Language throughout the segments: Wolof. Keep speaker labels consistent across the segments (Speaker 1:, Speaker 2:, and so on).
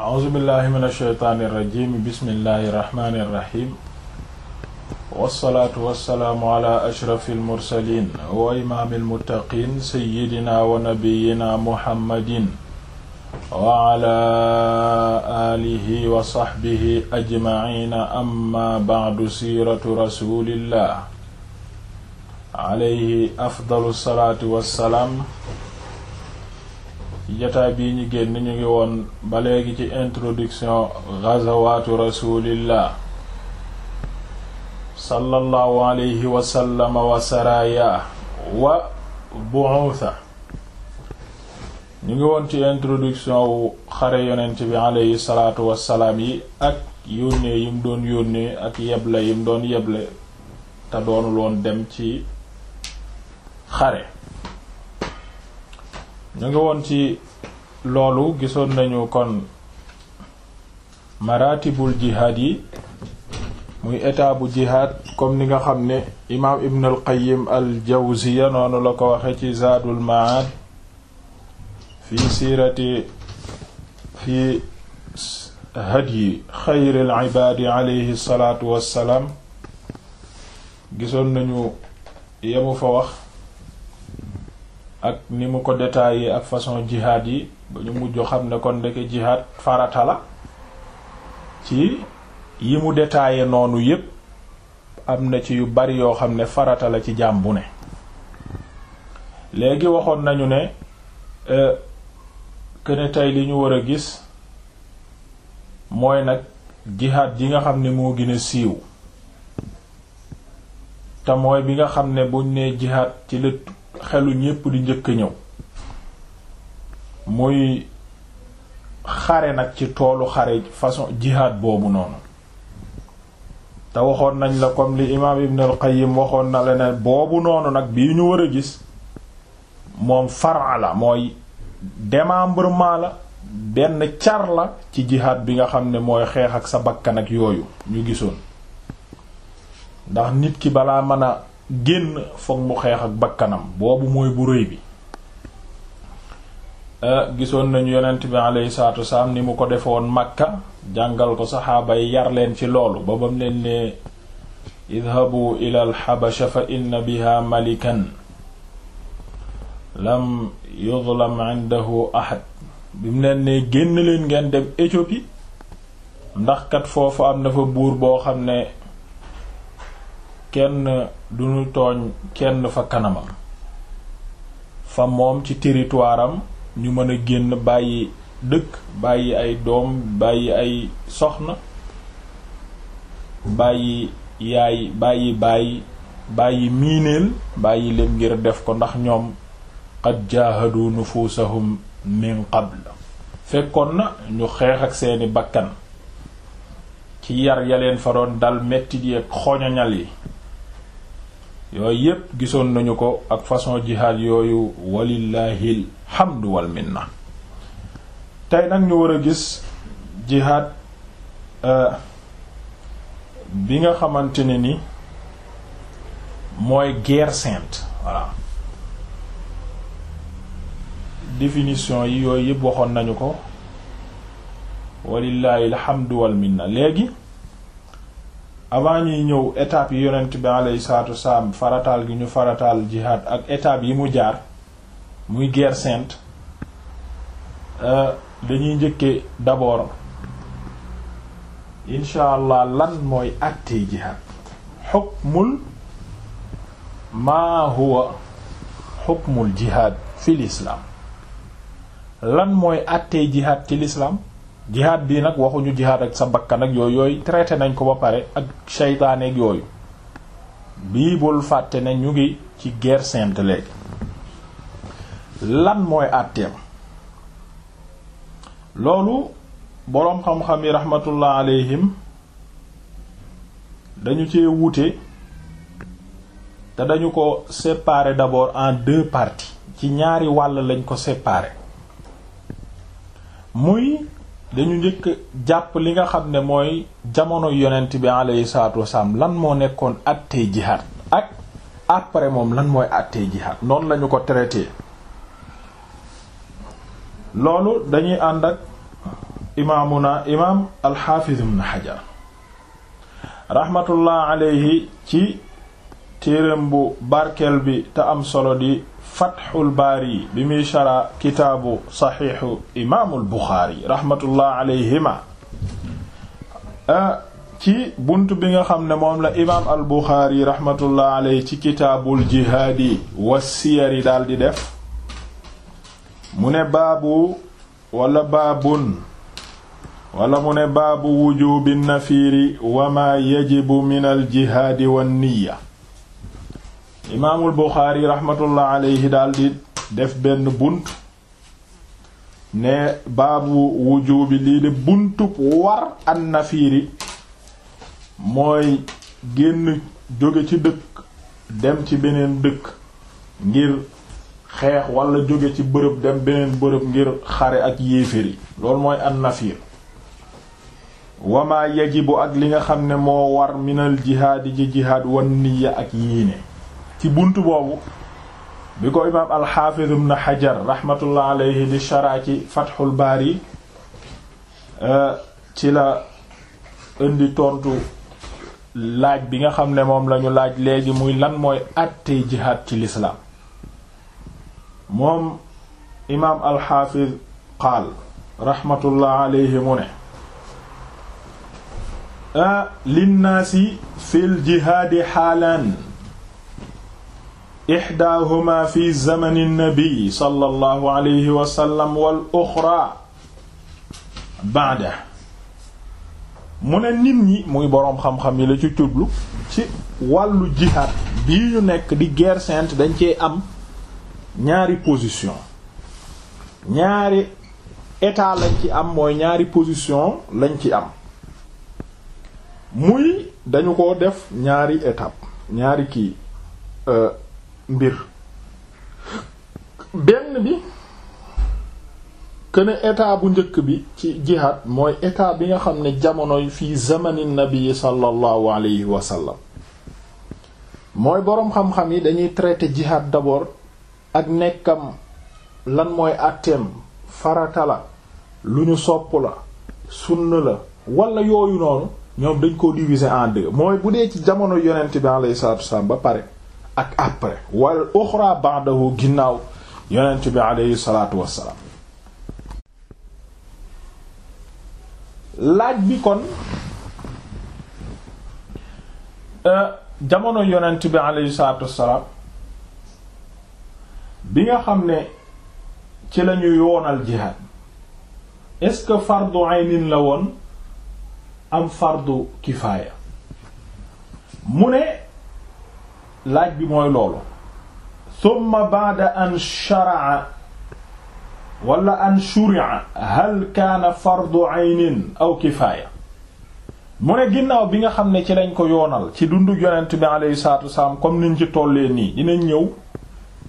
Speaker 1: a'uuzu billahi min ashaytaani irrajim bismillahi irrahmani irrahim wassalaatu wassalaamu ala ashrafi almursalin wa imaami almuttaqin sayidina wa nabiyina muhammadin wa ala alihi wa sahbihi ajmaina amma ba'du siiratu rasulillah alayhi afdalu salaatu wassalaam ci jataay bii ñu génn ñu ngi woon ba léegi ci introduction gazawaatu rasulillah sallallahu alayhi wa wa saraya wa bu'utha ñu ngi woon ci introduction wu xare yonent bi alayhi salaatu wassalaam yi ak yónnee yim doon yónnee ak yeble yim doon yeble te doonul woon dem ci xare ñu ngi woon ci loolu gisoon nañu kon maratibul jihaad yi muy état bu jihaad comme ni nga xam ne imaam ibn al qayyim al jawziya noonu la ko waxe ci zaadul maad fi siirati fi hadyi xayril ibaadi alayhi salaatu wassalaam gisoon nañu yemu fa wax ak ni mu ko détaillé ak façon jihaad yi ba ñu mujj xam ne kon ndeke jihaad farata la ci yi mu détaillé noonu yépp am na ci yu bari yoo xam ne farata la ci jaam bu ne léegi waxoon nañu ne kene euh, tey li ñu war a gis mooy nag jihaad ji nga xam ne moo gën siiw te mooy bi nga xam ne buñ nee jihaad ci la xelu ñépp di njëkk ñëw muy xare nag ci toolu xare façon jihaad boobu noonu te waxoon nañ la comme li imaam Ibn al-Qayyim waxoon na la ne boobu noonu nag bii ñu war a gis moom fara la mooy démembrement la benn car la ci jihaad bi nga xam ne mooy xeex ak sa bakkan yooyu ñu gisoon ndax nit ki balaa mën a génn foog mu xeex ak bakkanam boobu mooy bu rëy bi Eh, gisoon nañu yonent bi alayhi salaatu wasalaam ni mu ko defoon Makka jàngal ko saxaaba yar leen ci loolu ba bam leen ne idhabu ila alxabasha fa inna biha malikan lam yuzlam indahu ahad bi mu leen génn leen ngeen dem Éthiopie ndaxkat kat foofu am na fa buur boo xam ne kenn du ñu tooñ kenn fa kanamam fa moom ci territoire am ñu mën a génn bàyyi dëkk bàyyi ay doom bàyyi ay soxna bàyyi yaay bàyyi bàyyi bàyyi miineel bàyyi leen ngir def ko ndax ñoom qad nu nufusahum min qabl fekkoon na ñu xeex ak seeni bakkan ci yar ya leen fa doon dal mettit yi ak xoñoñal yi yooyu yépp gisoon nañu ko ak façon jihaad yooyu walillahil hamdu wal minna tey nag ñu war a gis jihaad euh, bi nga xamante ne ni mooy guerre sainte voilà définition yi yooyu yëpp waxoon nañu ko walillahi alhamdu wal minna léegi avant ñuy ñëw étapes yi yonent bi alayhi salaatu farataal gi ñu farataal jihaad ak étapes yi mu jaar muy guerre sainte euh, dañuy njëkke d'abord incha allah lan mooy àttee jihaad xukmul maa huwa xukmul jihaad fi lislaam lan mooy àttee jihaad ci lislaam jihaad bii nag waxuñu jihaad ak sa bakkan ak yooyu yooyu traité nañ ko ba pare ak seytaaneeg yooyu bii bul fàtte na ñu ngi ci guerre sainte léegi lan mooy àtteem loolu boroom xam-xam yi rahmatullah alayhim dañu ci wuute te dañu ko séparer d'abord en deux parties ci ñaari wàll lañ ko séparer muy dañu njëkk jàpp li nga xam ne mooy jamono yonent bi alayhi salaatu wasalaam lan moo nekkoon àttee jihaad ak après moom lan mooy àttee jihaad noonu lañu ko traité loolu dañuy ànd ak imaamuna imaam alxaafiz ibn xajar raxmatullah ci téereem bu barkeel bi te am solo di fatxul baari bi muy shara kitaabu saxiixu imaamul buxaari raxmatullah ci bunt bi nga xam ne moom la imaam al buxaari raxmatullah alayhi ci kitaabul jihaadi wa siyari daal di def mu ne baabu wala baabun wala mu ne baabu wujubi nafiiri wa ma yajibu min aljihaadi wa niya imaamul buxaari raxmatullah daldi def benn bunt ne baabu wujubi lii de buntub war an nafiiri mooy génn jóge ci dëkk dem ci beneen dëkk ngir xeex walla jóge ci bërëb dem beneen bërëb ngir xare ak yéeféri loolu mooy an nafir wama yajibu ak li nga xam ne moo war minal jihaadi ji jihaad wan niya ak yéene ci bunt boobu bi ko imaam alxaafiz ibn xajar rahmatullah alayhi di sharaa ci fatxul yi euh, ci la indi tontu laaj bi nga xam ne moom lañu laaj léegi muy lan mooy àttee jihaad ci lislaam moom imaam alxaafiz qaal raxmatullah alayhi mu ne linnaasi fi ljihaadi xaalaan ixdaahuma fi zamani nnabi sallallahu alayhi wa sallam uxra ba'da mu ne nit ñi muy boroom xam-xam yi la ci jublu ci wàllu jihaad bii yu nekk di guerre sainte dañ cee am ñaari position ñaari état lañ ci am mooy ñaari position lañ ci am muy dañu ko def ñaari étape ñaari kii euh, mbir benn bi kuene état bu njëkk bi ci jihaad mooy état bi nga xam ne jamonoy fii zamani nabi sallallahu alayhi wa sallam mooy boroom xam-xam yi dañuy traiter jihaad d'abord ak nekkam lan mooy àtteem farata la lu ñu sopp la sunna la wala yooyu noonu ñoom dañ koo diviser en deux mooy bu dee ci jamono yonent bi alayhi salaatu wasalaam ba pare ak après wal uxra ginnaaw yonent bi alayhi salaatu laaj bi kon euh, jamono yonent bi alayhi salaatu wasalaam bi nga xam ne ci lañu yoonal jihaad est-ce que fardu aynin la woon am fardu kifaaya mu ne laaj bi mooy loolu thumma ba'da an shara'a wala an shuri'a hal kaana fardu aynin aw kifaaya mu ne ginnaaw bi nga xam ne ci lañ ko yoonal ci dundu yonent bi alayhi salaatu wasalaam comme niñ ci tollee nii dinañ ñëw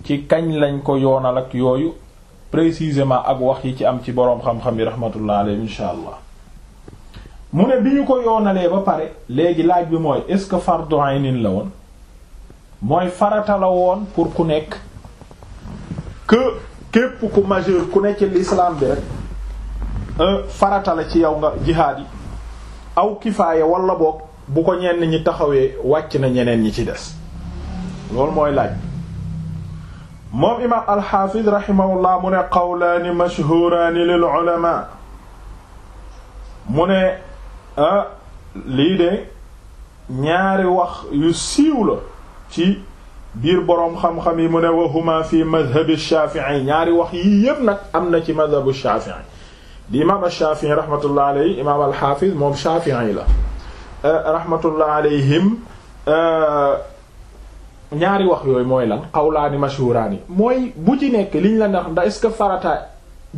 Speaker 1: ci kañ lañ ko yoonal ak yooyu précisément ak wax yi ci am ci boroom xam-xam yi rahmatullah alayhi insha allah mu ne bi ñu ko yoonalee ba pare léegi laaj bi mooy est-ce que fardu aynin la woon mooy farata woon pour ku nekk que képp ku majeur ku nekk ci l'islam bi rek euh, ci yow nga jihaad yi aw kifaaya walla boog bu ko ñenn ñi taxawee wàcc na ñeneen ñi ci des loolu mooy laaj moom imaam alxaafiz raximahullah mu ne qawlaani mashhuuraani lil ulamaa mu ne ah, lii de ñaari wax yu siiw la ci biir boroom xam-xam yi mu ne wa huma fi madhabi shaafi'i ñaari wax yii yépp nag am na ci madhabu shaafi'i di imaam shaafi'i rahmatullah alayhi imaam alxaafiz moom shaafi'i la eh, rahmatullah alayhim eh, ñaari wax yooyu mooy lan xawlaani mashhuraani mooy bu ci nekk liñ la ndax ndax est ce que farata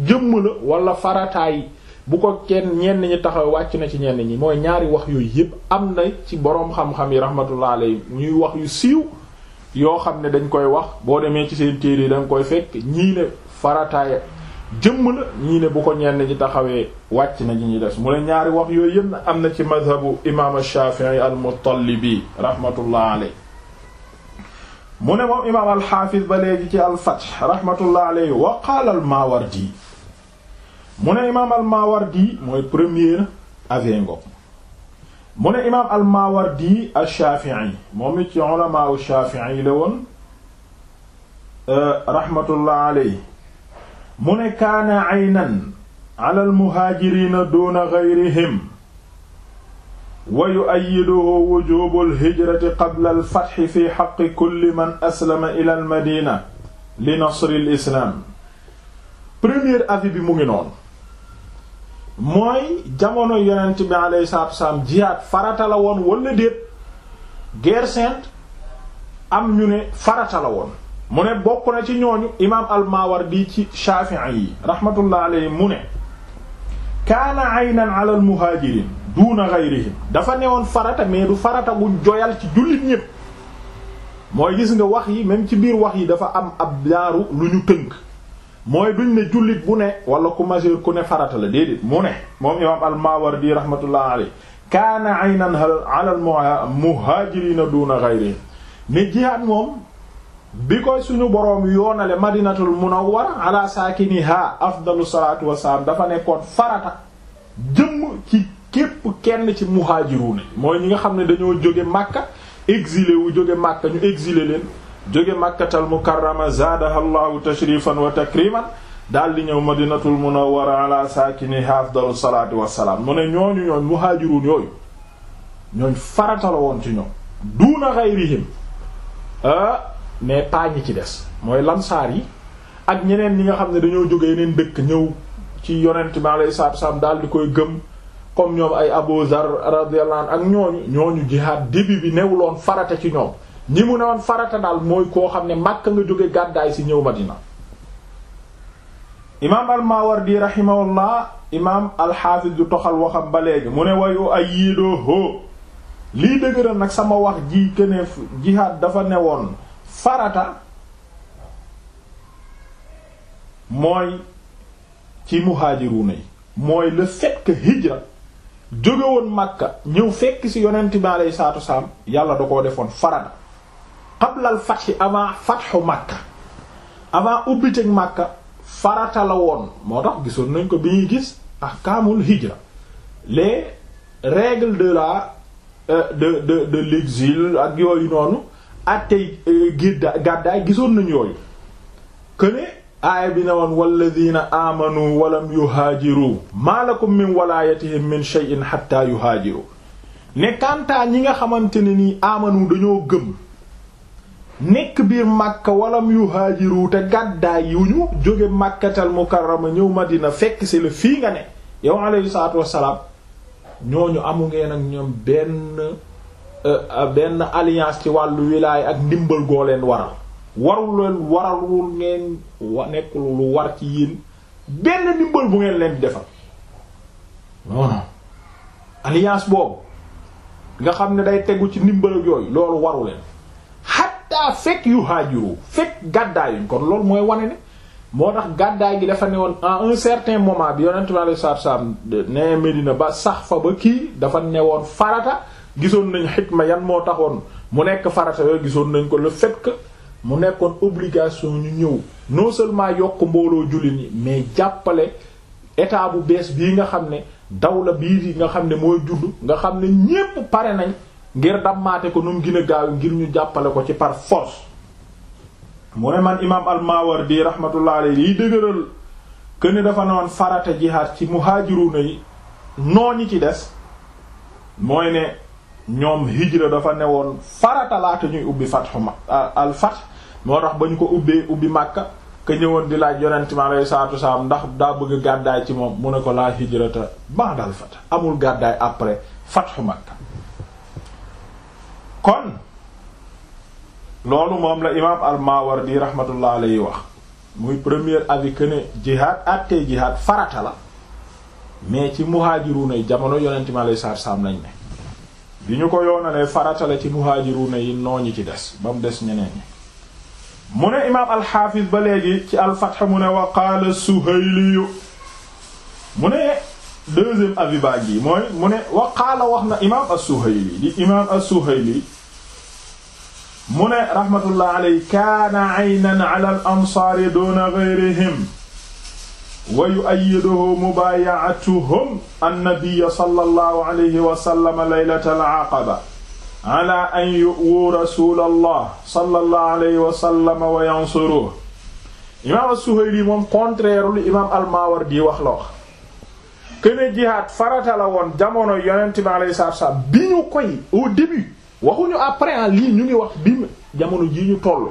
Speaker 1: jëmm la wala farataay bu ko kenn ñenn ñi taxaw wàcc na ci ñenn ñi mooy ñaari wax yooyu yépp am na ci boroom xam yi rahmatullah alayhi ñuy wax yu siiw yoo xam ne dañ koy wax boo demee ci seen téere yi koy fekk ñii ne farataay jëmm ñii ne bu ko ñenn ñi taxawee wàcc na ñi ñuy des mu ne ñaari wax yooyu yépp am na ci madhabu imaam Shafi'i al-Muttalibi rahmatullah alayhi mu ne moom imaam alxaafis ba léegi ci alfath rahmatullah alayhi wa qaala almaawardi mu ne imaam almaawardi mooy premier avengo mu ne imaam almaawardi alshafii moom it ci ulamaawu shafii la woon euh, rahmatullah alayhi mu ne kaana aynan ala almuhaajiriina duuna gayrihim wa yu'ayyiduhu wujuubul hijrati qabla al fi haqqi kulli man aslama ila madina li nasril islaam premier avis bi mu ngi noonu mooy jamono yonent bi alayhi salaatu wasalaam jihaad farata la woon wala déet guerre sainte am ñu ne farata la woon mu ne bokk na ci ñooñu imaam al-Mawardi ci Shaafi'i yi rahmatullah alayhi mu ne kaana aynan al-muhaajiriin duuna ghayrihim dafa newoon farata mais du farata bu joyal ci jullit ñépp mooy gis nga wax yi même ci biir wax yi dafa am ab jaaru lu ñu tënk mooy duñ ne jullit bu ne wala ku majeur ku ne farata la déedéet mu ne moom imaam al-Mawardi rahmatullah alayhi kaana aynan ala al-muhajirina duuna ghayrihim ne jihaad moom bi koy suñu boroom yoonale madinatul munawwara ala saakiniha afdalu salatu wasalaam dafa nekkoon farata jëmm ci képp kenn ci muhaajiruuna mooy ñi nga xam ne dañoo jóge màkka exilé wu jóge màkka ñu exilé leen jóge Makkatal mukarrama zaadaha llahu tashrifan wa takriman daal di ñëw madinatul munawwara ala saakini afdalu salaatu wassalaam mu ne ñooñu ñooñ muhaajiruun yooyu ñooñ faratala woon ci ñoom duuna xayrihim ah, mais pas ñi ci des mooy lansaar yi ak ñeneen ñi nga xam ne dañoo jóge yeneen dëkk ñëw ci yonent bi alayhi salaatu wassalaam daal di koy gëm comme ñoom ay Abu Zar radiyallahu anhu ak ñooñu ñooñu jihaad début bi newuloon farata ci ñoom ñi mu newoon farata daal mooy koo xam ne Makka nga jóge gàddaay si ñëw Madina imaam al-Mawardi rahimahullah imaam al-Hafiz toxal waxam ba léegi mu ne wayu ay yiidoo lii dëgëral nag sama wax ji këne jihaad dafa woon farata mooy ci muhaajiruuna yi mooy le fait que hijra jóge woon Makka ñëw fekk ci yonent bi alayhi salaatu wasalaam yàlla da koo defoon farada qabla al fath avant fathu Makka avant ubbiteg Makka farata la woon moo tax gisoon nañ ko bi ñuy gis ndax ahkaamul hijra les règles de la euh, de de de l'exil ak yooyu noonu ak tey euh, gàddaay gisoon nañ yooyu que aaya bi ne woon walladina aamanu walam yuhaajiru maa lakum min walaayatihim min shay'in hatta yuhaajiru ne kantaa ñi nga xamante ne nii aamanu dañoo gëm nekk biir màkka walam yuhaajiru te gàddaay yu ñu jóge màkkatal mukarrama ñëw madina fekk si la fii nga ne yow alayhi salaatu wassalaam ñooñu amu ngeen ak ñoom benn euh, euh, alliance ci wàllu wilaay ak ndimbal goo leen waral warul leen waralul ngeen wa nekk lu war ci yéen benn dimbal bu ngeen leen defal non alliance boobu nga xam ne day tegu ci ndimbal yooyu loolu waru leen xatta fekk yu haajiru fekk gàddaay gàddaayuñ kon loolu mooy wane ne moo tax gàddaay gi dafa ne woon à un certain moment bi yonent bi alei satu salaam ne Medina ba sax fa ba kii dafa ne woon farata gisoon nañ xikma yan moo taxoon mu nekk farata yooyu gisoon nañ ko le fait que mu nekkoon obligation ñu ñëw non seulement yokk mbooloo jullit ñi mais jàppale état bu bees bii nga xam ne dawla bii nga xam ne mooy judd nga xam ne ñépp pare nañ ngir dammaate ko nu mu gën gaaw ngir ñu jàppale ko ci par force mu ne man imaam al-Mawardi rahmatullah alayhi yiy dëgëral que ne dafa noon farata jihaad ci muhajiruna yi nooñi ci des mooy ne ñoom hijra dafa newoon farata laata ñuy ubbi fat ma al fath moo tax ba ñu ko ubbee ubbi Makka ka ñëwoon di laaj yonent mi alayhi salaatu ndax daa bëgg gàddaay ci moom mu ne ko laa hijrata ba'dal fath amul gàddaay après fathu Makka kon loolu moom la imaam al-Mawardi rahmatullah alayhi wax muy premier avis que ne jihaad àttee jihaad farata la mais ci muhaajiruuna nay jamono yonent mi alayhi salaatu wasalaam lañ ne bi ñu ko yoonalee farata la ci muhaajiruuna yi noo ñi ci des ba mu des ñeneen ñi mu ne imaam alxaafis ba léegi ci alfatx mu ne wa qaala suhayliyu mu ne deuxième aviba ji mooy mu ne wa qaala wax na imaam as-suhayli di imaam as-suhayli mu ne rahmatullah aley kaana aynan ala al ansaari duna gayrihim wa yu'ayyiduhu mubaaya'atuhum annabiyya sallallahu alayhi wa sallam laylatal aqaba ala an yu'wu rasulallah sallallahu alayhi wa sallam wa yansuruhu imaam as-Suhayli moom contraire lu imaam al-Mawardi wax la wax kene jihaad farata la woon jamono yonent bi alayhi salaatu salaam bi ñu koy au début waxuñu après en lii ñu ngi wax bi jamono jii ñu toll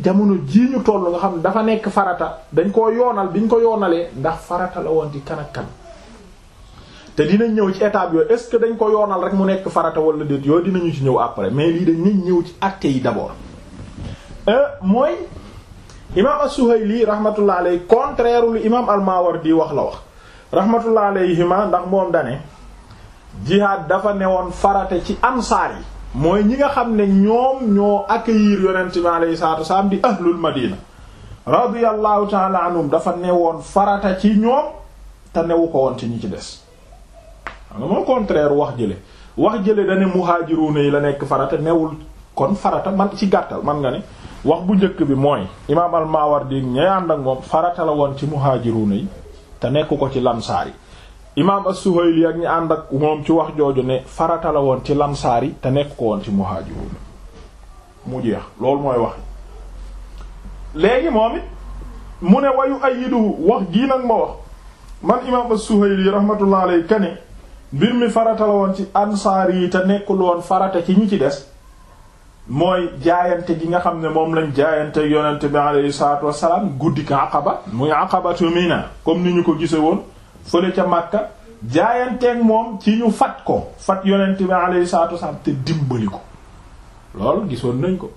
Speaker 1: jamono jii ñu toll nga xam dafa nekk farata dañ koo yoonal bi ko yoonalee ndax farata la woon di kan kan te dinañ ñëw ci étape yooyu est-ce que dañ ko yoonal rek mu nekk farata walla déet yooyu dinañu ci ñëw après mais lii dañ nañ ñëw ci actes yi d'abord euh, mooy imaam as-Suhayli rahmatullah alayhi contraire lu imaam al-Mawardi wax la wax rahmatullah alayhima ndax moom dane jihaad dafa newoon farata ci ansaar yi mooy ñi nga xam ne ñoom ñoo accueillir yonent bi alayhi salaatu wasallam di ahlul madina radiyallahu ta'ala anhum dafa newoon farata ci ñoom te newu ko woon ci ci des xam nga moo contraire wax jële wax jële dane muhaajiruuna yi la nekk farata newul kon farata man ci gàttal man nga ne wax bu njëkk bi mooy imaam al-Mawardi ñay ànd ak moom farata la woon ci muhaajiruuna yi te nekk ko ci lamsaar yi imaam as-Suhayli ak ñi ànd ak moom ci wax jooju ne farata la woon ci lamsaar yi te nekk ko woon ci muhaajiruuna mu jeex loolu mooy wax léegi moom it mu ne wayu ayidu wax jii nag ma wax man imaam as-Suhayli rahmatullah mbir mi farata la woon ci ansaar yi te nekkul woon farata ci ñi ci des mooy jaayante ji nga xam ne moom lañ jaayante yonente bi aleyhi salaatu wasalaam guddi ka aqaba muy aqabatu mina comme ni ñu ko gise woon fële ca Makka jaayanteeg moom ci ñu fat ko fat yonente bi aleyhi salaatu wasalaam te dimbali ko lool gisoon nañ ko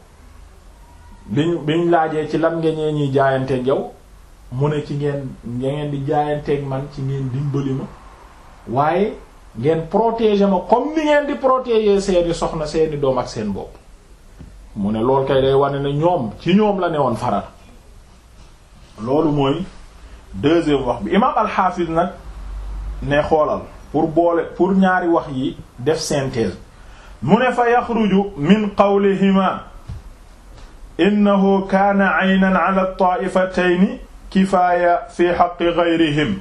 Speaker 1: bi biñ laajee ci lan ngeen ñuy jaayante yow mu ne ci ngeen ngeen di jaayanteeg man ci ngeen dimbali ma waaye ngeen protéger ma comme ni ngeen di protéger seeni soxna seeni doom ak seen bopp mu ne lool kay day wane ne ñoom ci ñoom la ne woon faral loolu mooy deuxième wax bi imaam alxaafis nag ne xoolal pour boole pour ñaari wax yi def synthèse mu ne fa yaxruju min qawlihima innahu kaana aynan ala taifataini kifaaya fi xaqi gayrihim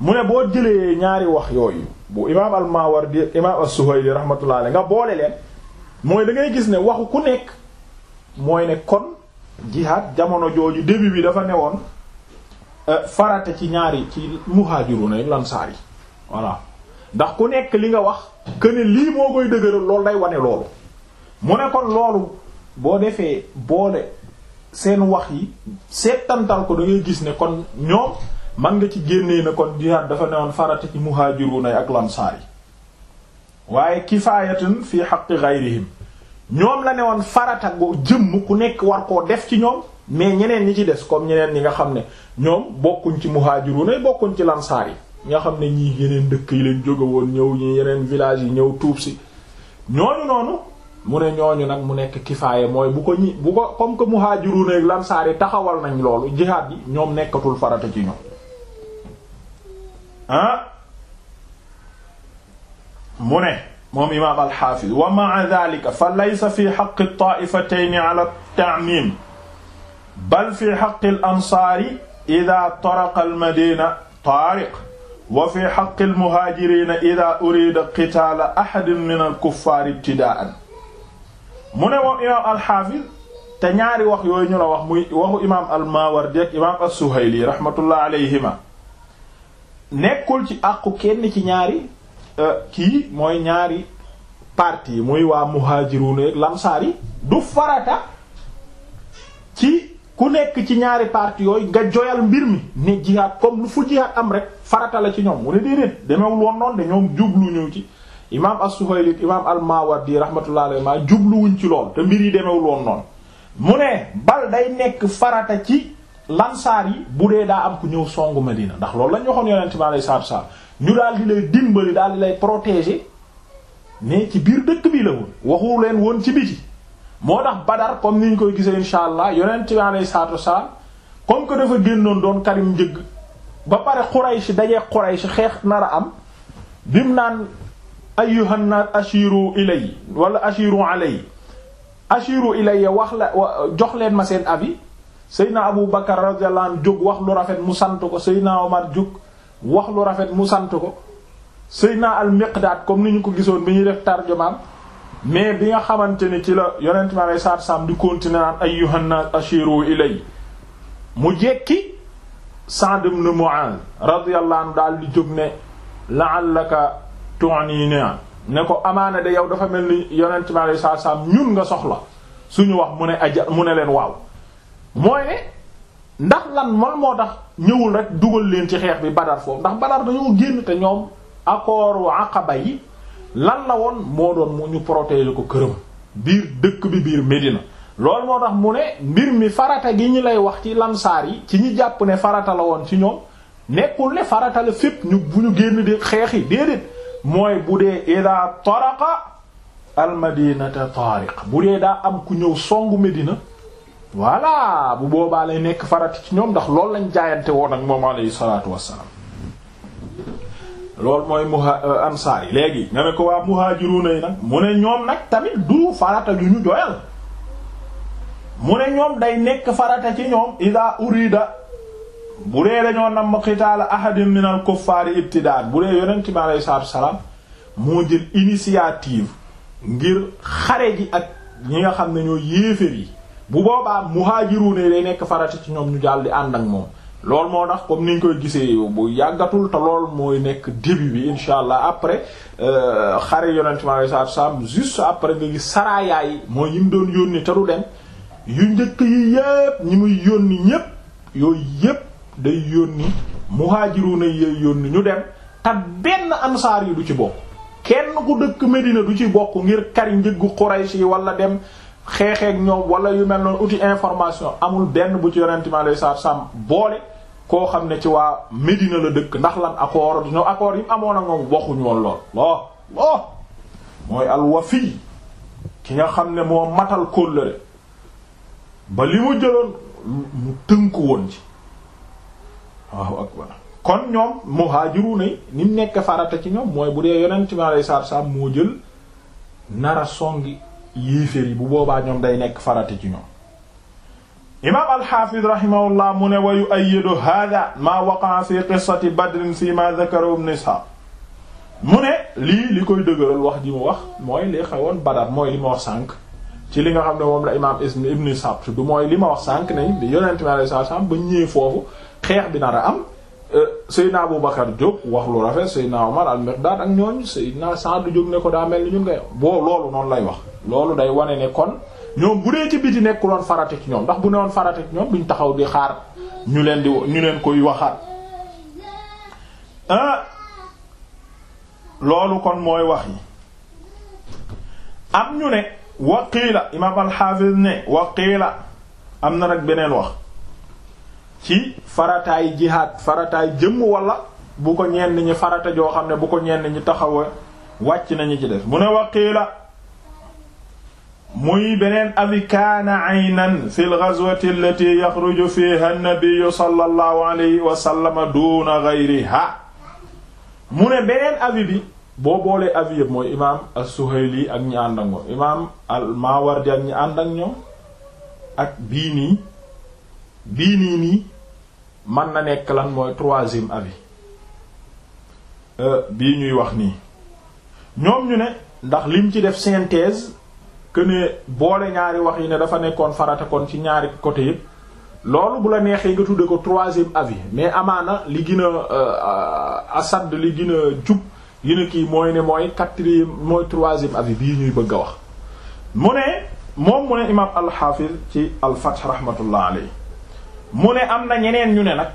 Speaker 1: mu ne boo jëlee ñaari wax yooyu bu imaam al-Mawardi imaam as-Suhayli rahmatullah alayhi nga boole leen mooy da ngay gis ne waxu ku nekk mooy ne kon jihaad jamono jooju début bi dafa ne woon euh, farata ci ñaari ci muhaajiruuna ak lansaar yi voilà ndax ku nekk li nga wax que lii moo koy dëgëral loolu day wane loolu mu ne kon loolu boo defee boole seen wax yi seetantal ko da gis ne kon ñoom. man nga ci génnee na kon jihaad dafa newoon farata ci muhaajiruuna yi ak lansaar yi waaye kifaayatan fii haqqi ghayrihim ñoom la ne woon farata go jëmm ku nekk war koo def ci ñoom mais ñeneen ñi ci des comme ñeneen ñi nga xam ne ñoom bokkuñ ci muhaajiruuna yi bokkuñ ci lansaar yi nga xam ne ñii yeneen dëkk yi leen jóge ñëw ñi yeneen village yi ñëw tuub si ñooñu noonu mu ne ñooñu nag mu nekk kifaaya mooy bu ko ñi bu ko comme que muhaajiruuna ak yi taxawal nañ loolu jihaad yi ñoom nekkatul farata ci ñoom ah mu ne moom imaam alxaafiz wa ma'a dhalika fa laysa fi xaqi taa'ifatayn ala ta'miim bal fi xaqi al-ansaari idaa taraqa al-madiina taariq wa fi xaqi al-muhaajiriina idaa uriida qitaala ahadin min al-kuffaari ibtidaa'an mu ne moom imaam alxaafiz te ñaari wax yooyu ñu la wax muy waxu imaam al-Maawardi ak imaam as-Suhayli rahmatullah alayhima nekkul ci àqu kenn ci ñaari euh, kii mooy ñaari parti muy waa muhaajiruun ak lamsaar yi du farata ci ku nekk ci ñaari parti yooyu nga joyal mbir mi ne jihaad comme lu fu jihaad am rek farata la ci ñoom mu ne déedéet demewul woon noonu de ñoom jubluñu ci imaam as-Suhayli imaam al-Mawardi rahmatullah alayhi ma jubluwuñ ci lool te mbir yi demewul woon noonu mu ne bal day nekk farata ci lansaar yi bu dee daa am ku ñëw songu Medina ndax loolu lañ waxoon yonent bi alayhi salaatu salaam ñu daal di lay dimbali daal di lay protéger mais ci biir dëkk bi la woon waxu leen woon ci biti moo tax Badar comme ni ñu koy gisee insha allah yonent bi alayhi salaatu salaam comme que dafa génnoon doon Karim njëgg ba pare Quraysh dajee Quraysh xeex nar a am mu naan ayyuhan naas ashiru ilay wala ashiru alay ashiru ilay wax la jox leen ma seen avis Seydina Abu Bakar radiyallahu anhu jóg wax lu rafet mu sant ko Seydina Omar jóg wax lu rafet mu sant ko Seydina al-Miqdaad comme ni ñu ko gisoon bi ñuy def tarjumaan mais bi nga xamante ni ci la yonent mi alayhi salaatu salaam di continuer naan ayyuhannaas ashiru ilay mu jekki Sa'd ibn Mu'adh radiyallahu anhu daal di jóg ne la'allaka tu'nina ne ko amaana de yow dafa mel ni yonent mi alayhi salaatu salaam ñun nga soxla suñu wax mu ne aja mu ne leen waaw mooy ne ndax lan man moo tax ñëwul rek dugal leen ci xeex bi Badar foofu ndax Badar dañoo génn te ñoom accord wu Aqaba yi lan la woon moo doon mu ñu protéger ko këram biir dëkk bi biir Médina loolu moo tax mu ne mbir mi farata gi ñu lay wax ci lan saar yi ci ñi jàpp ne farata la woon ci ñoom nekkul ne farata la fépp ñu bu ñu génn di xeexi yi déedéet mooy bu dee ida taraqa almadinata tariq bu dee daa am ku ñëw songu Médina voilà bu boobaa lay nekk farati ci ñoom ndax lool lañ jaayante woon ak moom alayhi salaatu wassalaam loolu mooy muha euh, ansaar yi léegi nga ne ko waa muhaajiruuna yi nag mu ne ñoom nag tamit du farata yu ñu joyal mu ne ñoom day nekk farata ci ñoom ida urida bu dee dañoo namm xitaala ahadin min al kuffaari ibtidaan bu dee yonent bi alayhi salaatu wassalaam moo jël initiative ngir xare ji ak ñi nga xam ne ñoo yéeféer yi bu boobaa muhaajiruun yi day nekk farata ci ñoom ñu jàll di ànd ak moom lool moo tax comme ni ñu koy gisee bu yàggatul te lool mooy nekk début bi incha allah après euh, xare yonent mi alayhi salaatu salaam juste après nga gis saraayaa yi mooy yi mu doon yónni te du yu njëkk yi yépp ñi muy yónni ñépp yooyu yépp day yónni muhaajiruun yi yooyu yónni ñu dem te benn ansaar yi du ci bokk kenn ku dëkk Medina du ci bokk ngir kari njëggu Quraysh yi wala dem. xeexeek ñoom wala yu mel noonu uti information amul benn bu ci yonent mi alayhi salaatu boole koo xam ne ci waa Médina la dëkk ndax lan accord du ñoom accord yi mu amoon ak moom waxuñu woon lool lool lool mooy alwafi ki nga xam ne moo matal kóllëre ba li mu jëloon mu tënku woon ci waaw akbar kon ñoom muhaajiru ne ni nekk farata ci ñoom mooy bu dee yonent mi alayhi salaatu moo jël nara songi yéeféer yi bu boobaa ñoom day nekk farati ci ñoom imaam alxaafid rahimahullah mu ne wa yu'ayyidu hada maa waqa'a fi qissati badrin fi ma dhakara ibn ishaq mu ne lii li koy dëgëral wax ji mu wax mooy li xewoon badar mooy li ma wax sànq ci li nga xam ne moom la imaam ibn ishaq du mooy li ma wax sànq ne yonent mi a salaam ba ñëwee foofu xeex bi na a am Euh, Seydina Abu Bakar jóg wax lu rafet Seydina Omar al-Miqdad ak ñooñ Seydina Saad jóg ne ko daa mel ni ñun ngay boo loolu noonu lay wax loolu day wane ne kon ñoom bu dee ci biti nekkul woon ci ñoom ndax bu ne woon farata ci ñoom duñ taxaw di xaar ñu leen di ñu leen koy waxaat ah, loolu kon mooy wax yi am ñu ne waqiila imaam al ne waqiila am na nag beneen wax ci farataay jihaad farataay jëmm walla bu ko ñenn ñi farata joo xam ne bu ko ñenn ñi taxawa wàcc nañu ci def mu ne waqiila muy beneen abi kaana aynan fi lgazwati allati yaxruju fiha nnabiyu sallallahu alayhi wa sallama duna gayriha mu ne beneen abi bi boo boolee abi yëpp mooy imaam as-Suhayli ak ñi ànd ak imaam al-Mawardi ak ñi ànd ak ñoom ak bii nii nii man na nekk lan mooy troisième avis euh, bii ñuy wax nii ñoom ñu ne ndax lim ci def synthèse que ne boole ñaari wax yi ne dafa nekkoon farata kon ci ñaari côté yëpp loolu bu la neexee nga tudde ko troisième avis mais amaana li gën a euh, asad li gën a jub gën a kii mooy ne mooy quatrième mooy troisième avis bii ñuy bëgg a wax mu ne moom mu ne imaam al ci al-Fath rahmatullah alayhi mu ne am na ñeneen ñu ne nag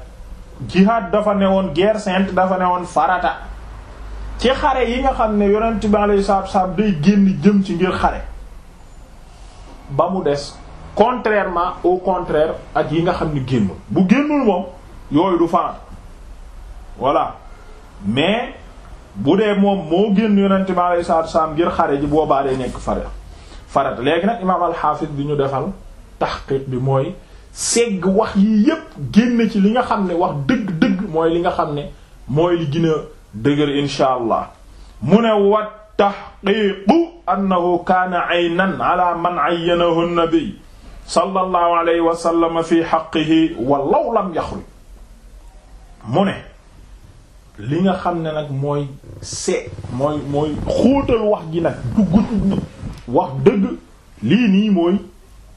Speaker 1: jihad dafa newoon guerre sainte dafa newoon farata ci xare yi nga xam ne yonent bi alayhi salaatu wasallam day génn jëm ci ngir xare ba mu des contrairement au contraire ak yi nga xam ni génnul bu génnul moom yooyu du farata voilà mais bu dee moom moo génn yonent lay alayhi salaatu ngir xare ji boobaa day nekk farata farata léegi nag imaam al bi ñu defal tahqiq bi mooy segg wax yi yépp génn ci li nga xam ne wax dëgg-dëgg mooy li nga xam ne mooy li gën dëgër insha mu ne wa taxqiiqu annahu kaana aynan ala man ayyanahu an-nabi sallallahu alayhi wa fi haqqihi walaw lam yaxruj mu ne li nga xam ne nag mooy see mooy mooy xóotal wax ji nag dugg wax dëgg lii nii mooy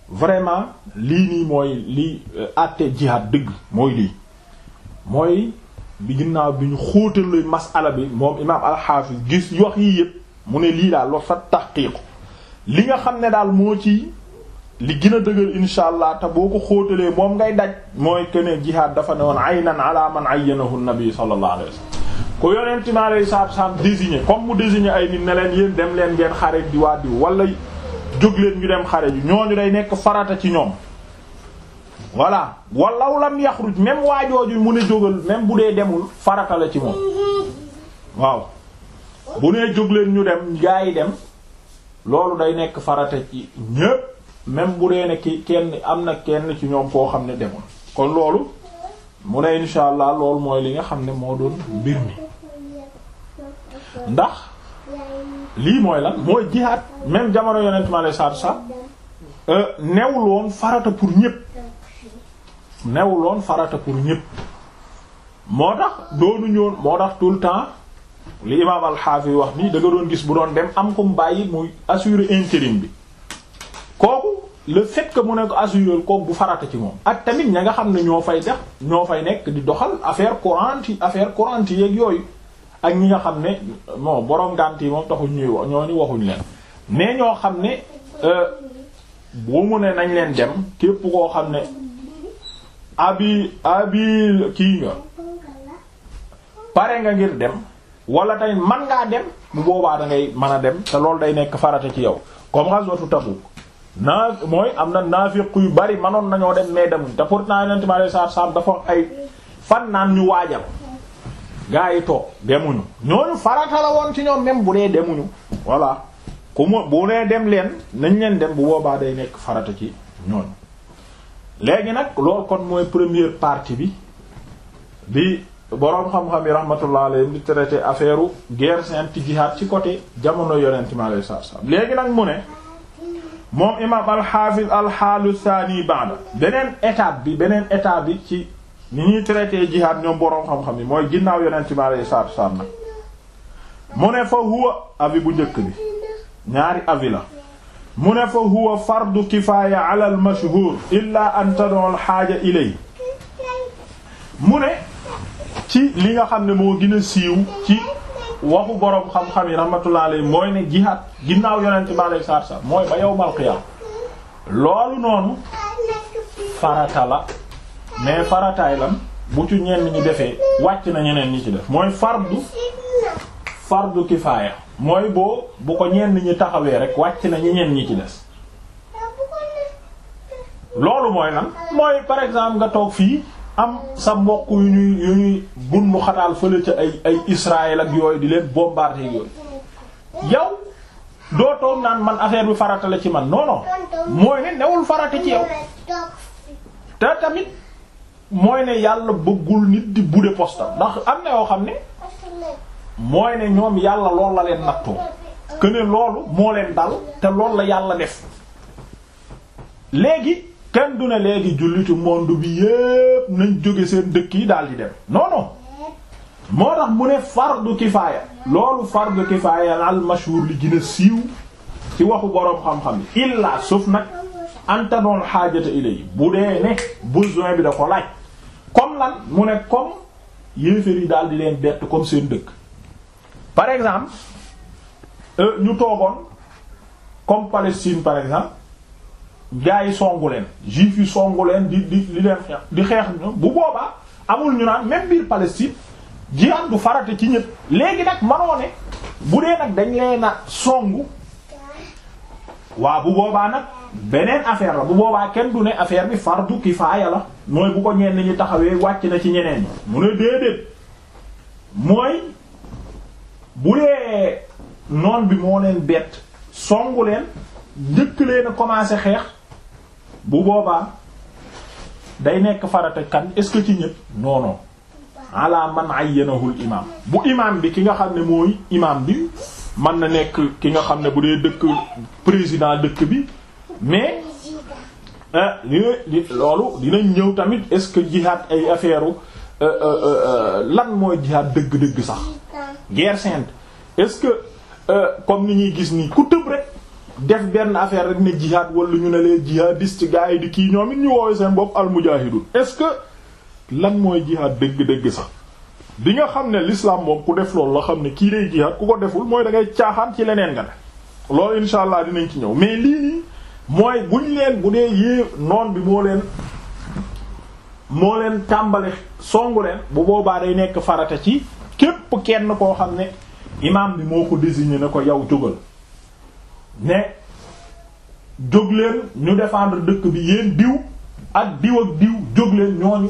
Speaker 1: vraiment lii nii mooy lii euh, àtte jihaad dëgg mooy lii mooy bi ginnaaw bi ñu xóotaluy masala bi moom imaam alxaafis gis wax yii yëpp mu ne lii daal wax fa taxqiiqu li nga xam ne daal moo ci li gën a dëgër insha allah te boo ko xóotalee moom ngay daj mooy que ne dafa ne woon aynan ala man ayyanahu nabi sallallahu alayhi wa sallam ku yonent mi alayhi salaatu wa désigné comme mu désigné ay nit ne leen yéen dem leen ngeen xare di waa diw wala jóg leen ñu dem xare ji ñooñu day nekk farata ci ñoom voilà walaw lam yaxruj même waajooju mu ne jógal même bu dee demul farata la ci moom waaw bu nee jóg ñu dem gaa yi dem loolu day nekk farata ci ñépp même bu dee ne ki kenn am na kenn ci ñoom koo xam ne demul kon loolu mu ne insha allah loolu mooy li nga xam ne moo doon mbir mi ndax lii mooy lan mooy jihaad même jamono yonent ma saatu sa newuloon farata pour ñépp newuloon farata pour ñépp moo tax doonu ñoon moo tax tout le temps li imaam alxaafis wax nii da nga doon gis bu doon dem am ko mu bàyyi muy assurer intérim bi kooku le fait que mu ne ko assurer kooku du farata ci moom ak tamit ña nga xam ne ñoo fay dex ñoo fay nekk di doxal affaire courante yi affaire courante yeeg yooyu ak ñi nga xam ne bon borom gànt yi moom taxuñ ñuy wax ñoo ni waxuñ leen mais ñoo xam ne euh, bu mu ne nañ leen dem képp koo xam ne abi abi kii nga pare nga ngir dem wala tey man ngaa dem mu boobaa da ngay mën a dem te lool day nekk farata ci yow comme ghazwatu Tabuk naa mooy am na naa naafiq yu bari manoon nañoo dem mais dem te pourtant Yonent mi sallallahu alayhi wasallam dafa ay fan naan ñu waajal gaa yi toog demuñu ñooñu farata la woon ci ñoom même bu dee demuñu voilà ku mu bu nee dem leen nañ leen dem bu boobaa day nekk farata ci ñooñu léegi nag loolu kon mooy première partie bi bi boroom xam-xam yi rahmatullah alayhi di traité affaire guerre sainte jihad ci côté jamono yonent mi alayhi salaam léegi nag mu ne moom imam al-Hafiz al-Halu beneen étape bi beneen étape bi ci ni ñuy traité jihaad ñoom boroom xam-xam yi mooy ginnaaw yonent bi alayhi salaatu wassalaam nag mu ne fa huwa avis bu njëkk bi ñaari avis la mu ne fa huwa fardu kifaaya ala al mashhur illa an ilay mu ne ci li nga xam ne moo gën a siiw ci waxu boroom xam-xam yi rahmatullahi alayhi mooy ne jihaad ginnaaw yonent bi alayhi salaatu mooy ba yawmal qiyaam loolu noonu farata la mais farataay lan bu ci ñenn ñi defee wàcc na ñeneen ñi ci def mooy fardu fardu kifaaya mooy boo bu ko ñenn ñi taxawee rek wàcc na ñi ñenn ñi ci des loolu mooy lan mooy par exemple nga toog fii am sa mbokk yu ñuy yu ñuy bunnu xataal fële ca ay ay Israël ak yooyu di leen bombarder yooyu yow doo toog naan man affaire bi farata la ci man non non mooy ne newul farata ci yow te tamit. mooy ne yàlla bëggul nit di budde postam ndax am na yoo xam ne mooy ne ñoom yàlla lool la leen nattoo que loolu moo leen dal te lool la yàlla def léegi kenn du ne léegi jullitu monde bi yépp nañ jóge seen dëkk yi daal di dem non non moo tax mu ne fardu kifaaya loolu fardu kifaaya al mashhur li gën siiw ci waxu boroom xam-xam yi illa suuf nag anta doon xaajata ilay bu dee ne besoin bi da ko laaj comme lan mu ne comme yéeféer yi daal di leen bett comme seen dëkk par exemple euh, ñu toogoon comme Palestine par exemple gars songu leen juif yi songu leen di di di leen xeex di xeex ñu bu boobaa amul ñu naan même biir Palestine jihaad du farate ci ñëpp léegi nag manoo bu dee nag dañ songu waa bu boobaa nag beneen affaire la bu boobaa kenn du ne affaire bi fardu kifaaya la mooy bu ko ñenn ñi taxawee wàcc na ci ñeneen ñi mu ne déedéet mooy bu dee noon bi moo leen bett songu leen njëkk leen a commencé xeex bu boobaa day nekk farata kan est ci ñëpp non non ala man ayyanahul imaam bu imaam bi ki nga xam ne mooy imaam bi mën na nekk ki nga xam ne bu dee dëkk président dëkk bi mais loolu dinañ ñëw tamit est-ce que jihad ay affaire euh, euh, euh, lan mooy jihad dëgg-dëgg sax guerre sainte est-ce que comme ni ñuy gis nii ku tëb rek def benn affaire rek ne jihad wala ñu ne lee ci gars yi di kii ñoom it ñu woowee seen bopp almujahidun est-ce que lan mooy jihad dëgg-dëgg sax bi xam ne lislaam moom ku def loolu la xam ne kii day jihad ku ko deful mooy da ngay caaxaan ci leneen nga ne loolu insha dinañ ci ñëw mais lii nii mooy buñ leen bu dee yée noon bi moo leen moo leen tàmbali songu leen bu boobaa day nekk farata ci képp kenn koo xam ne imaam bi moo ko désigné ne ko yow jógal ne jóg leen ñu défendre dëkk bi yéen diw ak diw ak diw jóg leen ñooñu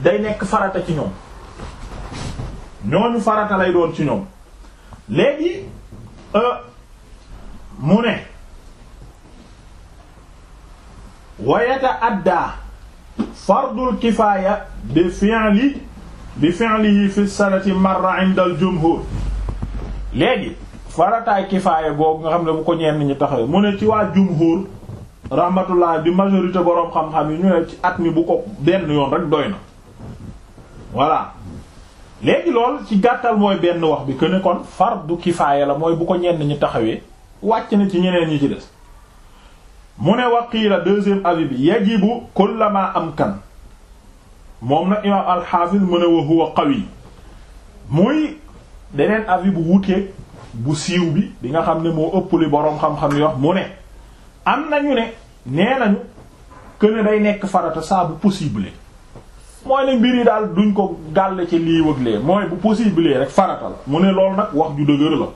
Speaker 1: day nekk farata ci ñoom ñooñu farata lay doon ci ñoom léegi euh, mu ne wa yata'adda fardul kifaaya bi fi'li bi fi'lihi fi sanati marra 'inda al-jumhur léegi farataay kifaaya googu nga xam ne bu ko ñenn ñi taxawee mu ne ci waa jumhur rahmatullah bi majorité boroom xam-xam yi ñu ne ci at mi bu ko benn yoon rek doy na voilà léegi lool ci gàttal mooy benn wax bi que ne kon fardu kifaaya la mooy bu ko ñenn ñi taxawee wàcc na ci ñeneen ñi ci des mu ne a deuxième avis bi yajibu kullama amkan moom nag imaam alxaafis mu ne wa huwa qawi muy beneen avis bu wuteeg bu siiw bi bi nga xam ne moo ëpp li boroom xam-xam yi wax mu ne am nañu ne nee nañu que ne day nekk farata saa bu possible mooy ne mbir yi daal duñ ko gàll ci lii wëg lee mooy bu possible rek farata la mu ne loolu nag wax ju dëgër la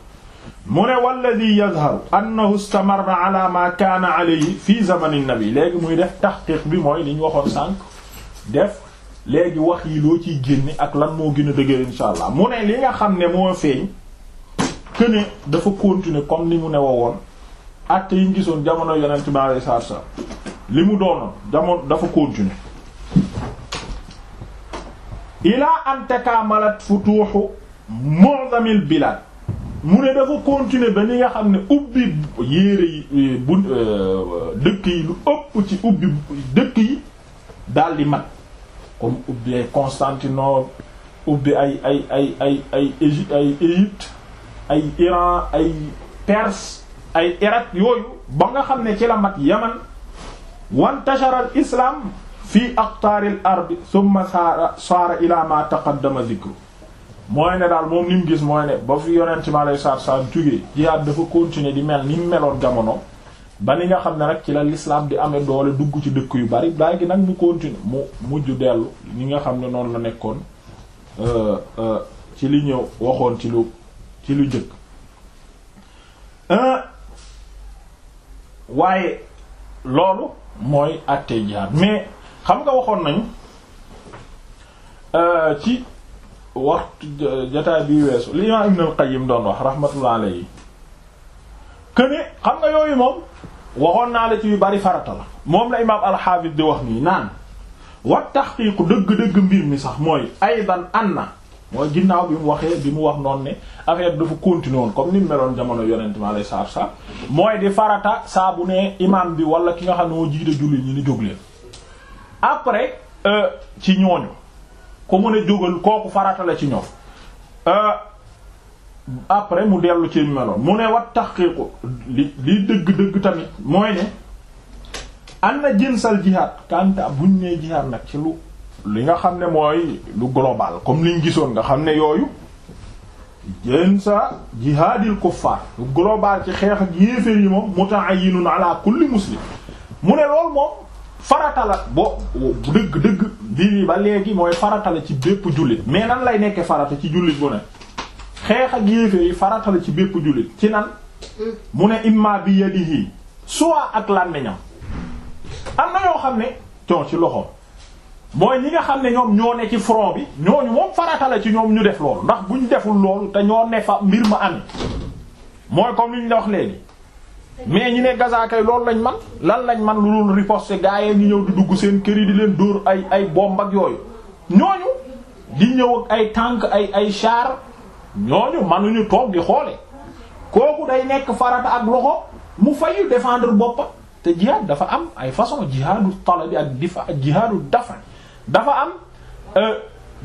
Speaker 1: mu ne walladi yazharu annahu istamarra ala ma kaana alayhi fi zamani nabi léegi muy def taxqiq bi mooy li ñu waxoon sànq def léegi wax yi loo ciy génne ak lan moo gën a dëgër insha allah mu ne li nga xam ne moo feeñ këne dafa continuer comme ni mu ne woon acte yi ñu gisoon jamono yonent bi alayhi salaatu salaam li mu doonoon jamono dafa continuer ilaa an takaamalat futuuhu mu'zamil mu ne dafa continuer ba ni nga xam ne ubbi yéere yi eh, bu eh, dëkk yi lu ëpp ci ubbi dëkk yi daal di mat comme ubbi ay Constantinople ubbi ay ay ay ay ay Égypte ay ay Iran ay Perse ay Irak yooyu ba nga xam ne ci la mat Yaman wantashara al islam fi aqtaaril ardi thumma saara saara ila ma taqaddama dhikru mooy ne daal moom ni mu gis mooy ne ba fi yonent ma lay saar saar jóge jihaad dafa continuer di mel ni mu meloon jamono ba ni nga xam ne nag ci la l'islam di amee doole dugg ci dëkk yu bari daay gi nag mu continuer mu mujj dellu ñi nga xam ne noonu la nekkoon euh, euh, ci li ñëw waxoon ci lu ci lu jëkk euh, waaye loolu mooy àttee jihaad mais xam nga waxoon nañ ci waxtu jotaay bi weesu li imaam Ibn al-Qayyim doon wax rahmatullah alayhi këne xam nga yooyu moom waxoon naa la ci yu bari farata la moom la imaam al di wax nii naan wa tahqiiqu dëgg-dëgg mbir mi sax mooy aydan anna mooy ginnaaw bi mu waxee bi mu wax noonu ne affaire dafa continuer woon comme ni meloon jamono yonent mi alayhi salaatu salaam mooy di farata saabu bu ne imaam bi wala ki nga xam ne moo jiite julli ñi ni jóg leen après euh, ci ñooñu. ku mu ne jógal kooku farata la ci ñoom euh, après mu dellu ci meloon mu ne wat taqiiqu li liy dëgg-dëgg tamit mooy ne an na jinsal jihaad kanta buñ nee jihaad nag ci lu li nga xam ne mooy lu global comme liñ gisoon nga xam ne yooyu jinsa jihaadil kuffaar lu global ci xeex ak yéeféer yi moom muta'ayyinun ala kulli muslim mu ne lool moom faratala la bo dëgg dëgg lii ba léegi mooy farata ci bépp jullit mais nan lay nekkee farata ci jullit bu ne xeex ak yéefee yi farata la ci bépp jullit ci nan mu ne imma bi yadihi soit ak làmmiñam am na yoo xam ne ton ci loxoom mooy ñi nga xam ne ñoom ñoo ne ci front bi ñooñu moom farata ci ñoom ñu def loolu ndax buñ deful loolu te ñoo ne fa mbir ma amee mooy comme li ñu wax léegi mais ñi ne Gaza kay loolu lañ man lan lañ man lu dul riposte gaa yi ñëw di dugg seen kër yi di leen dóor ay ay bomb ak yooyu ñooñu di ñëw ak ay tànk ay ay char ñooñu manuñu toog di xoole kooku day nekk farata ak loxo mu fayu défendre boppam te jihaad dafa am ay façon jihaadu talabi ak difa jihaadu dafa dafa am euh,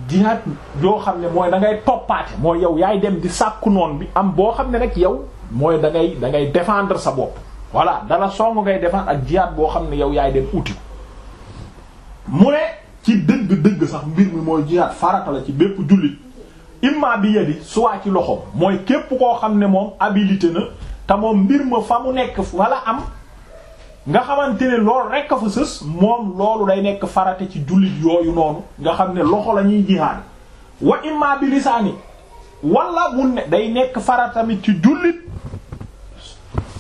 Speaker 1: jihaad yoo xam ne mooy da ngay toppaate mooy yow yaay dem di sàkku noon bi am boo xam ne rek yow mooy da ngay da ngay sa bopp voilà dala song ngay défendre ak jihaad boo xam ne yow yaay dem uti mu ne ci dëgg-dëgg sax mbir mi mooy jihaad farata la ci bépp jullit imma bi yadi soit ci loxoom mooy képp koo xam ne moom habilité na te moom mbir ma fa mu nekk wala am nga xamante ne loolu rekk a fa sës moom loolu day nekk farate ci jullit yooyu noonu nga xam ne loxo la ñuy jihaad wa imma bi lisaani wala mu ne day nekk faratamit ci jullit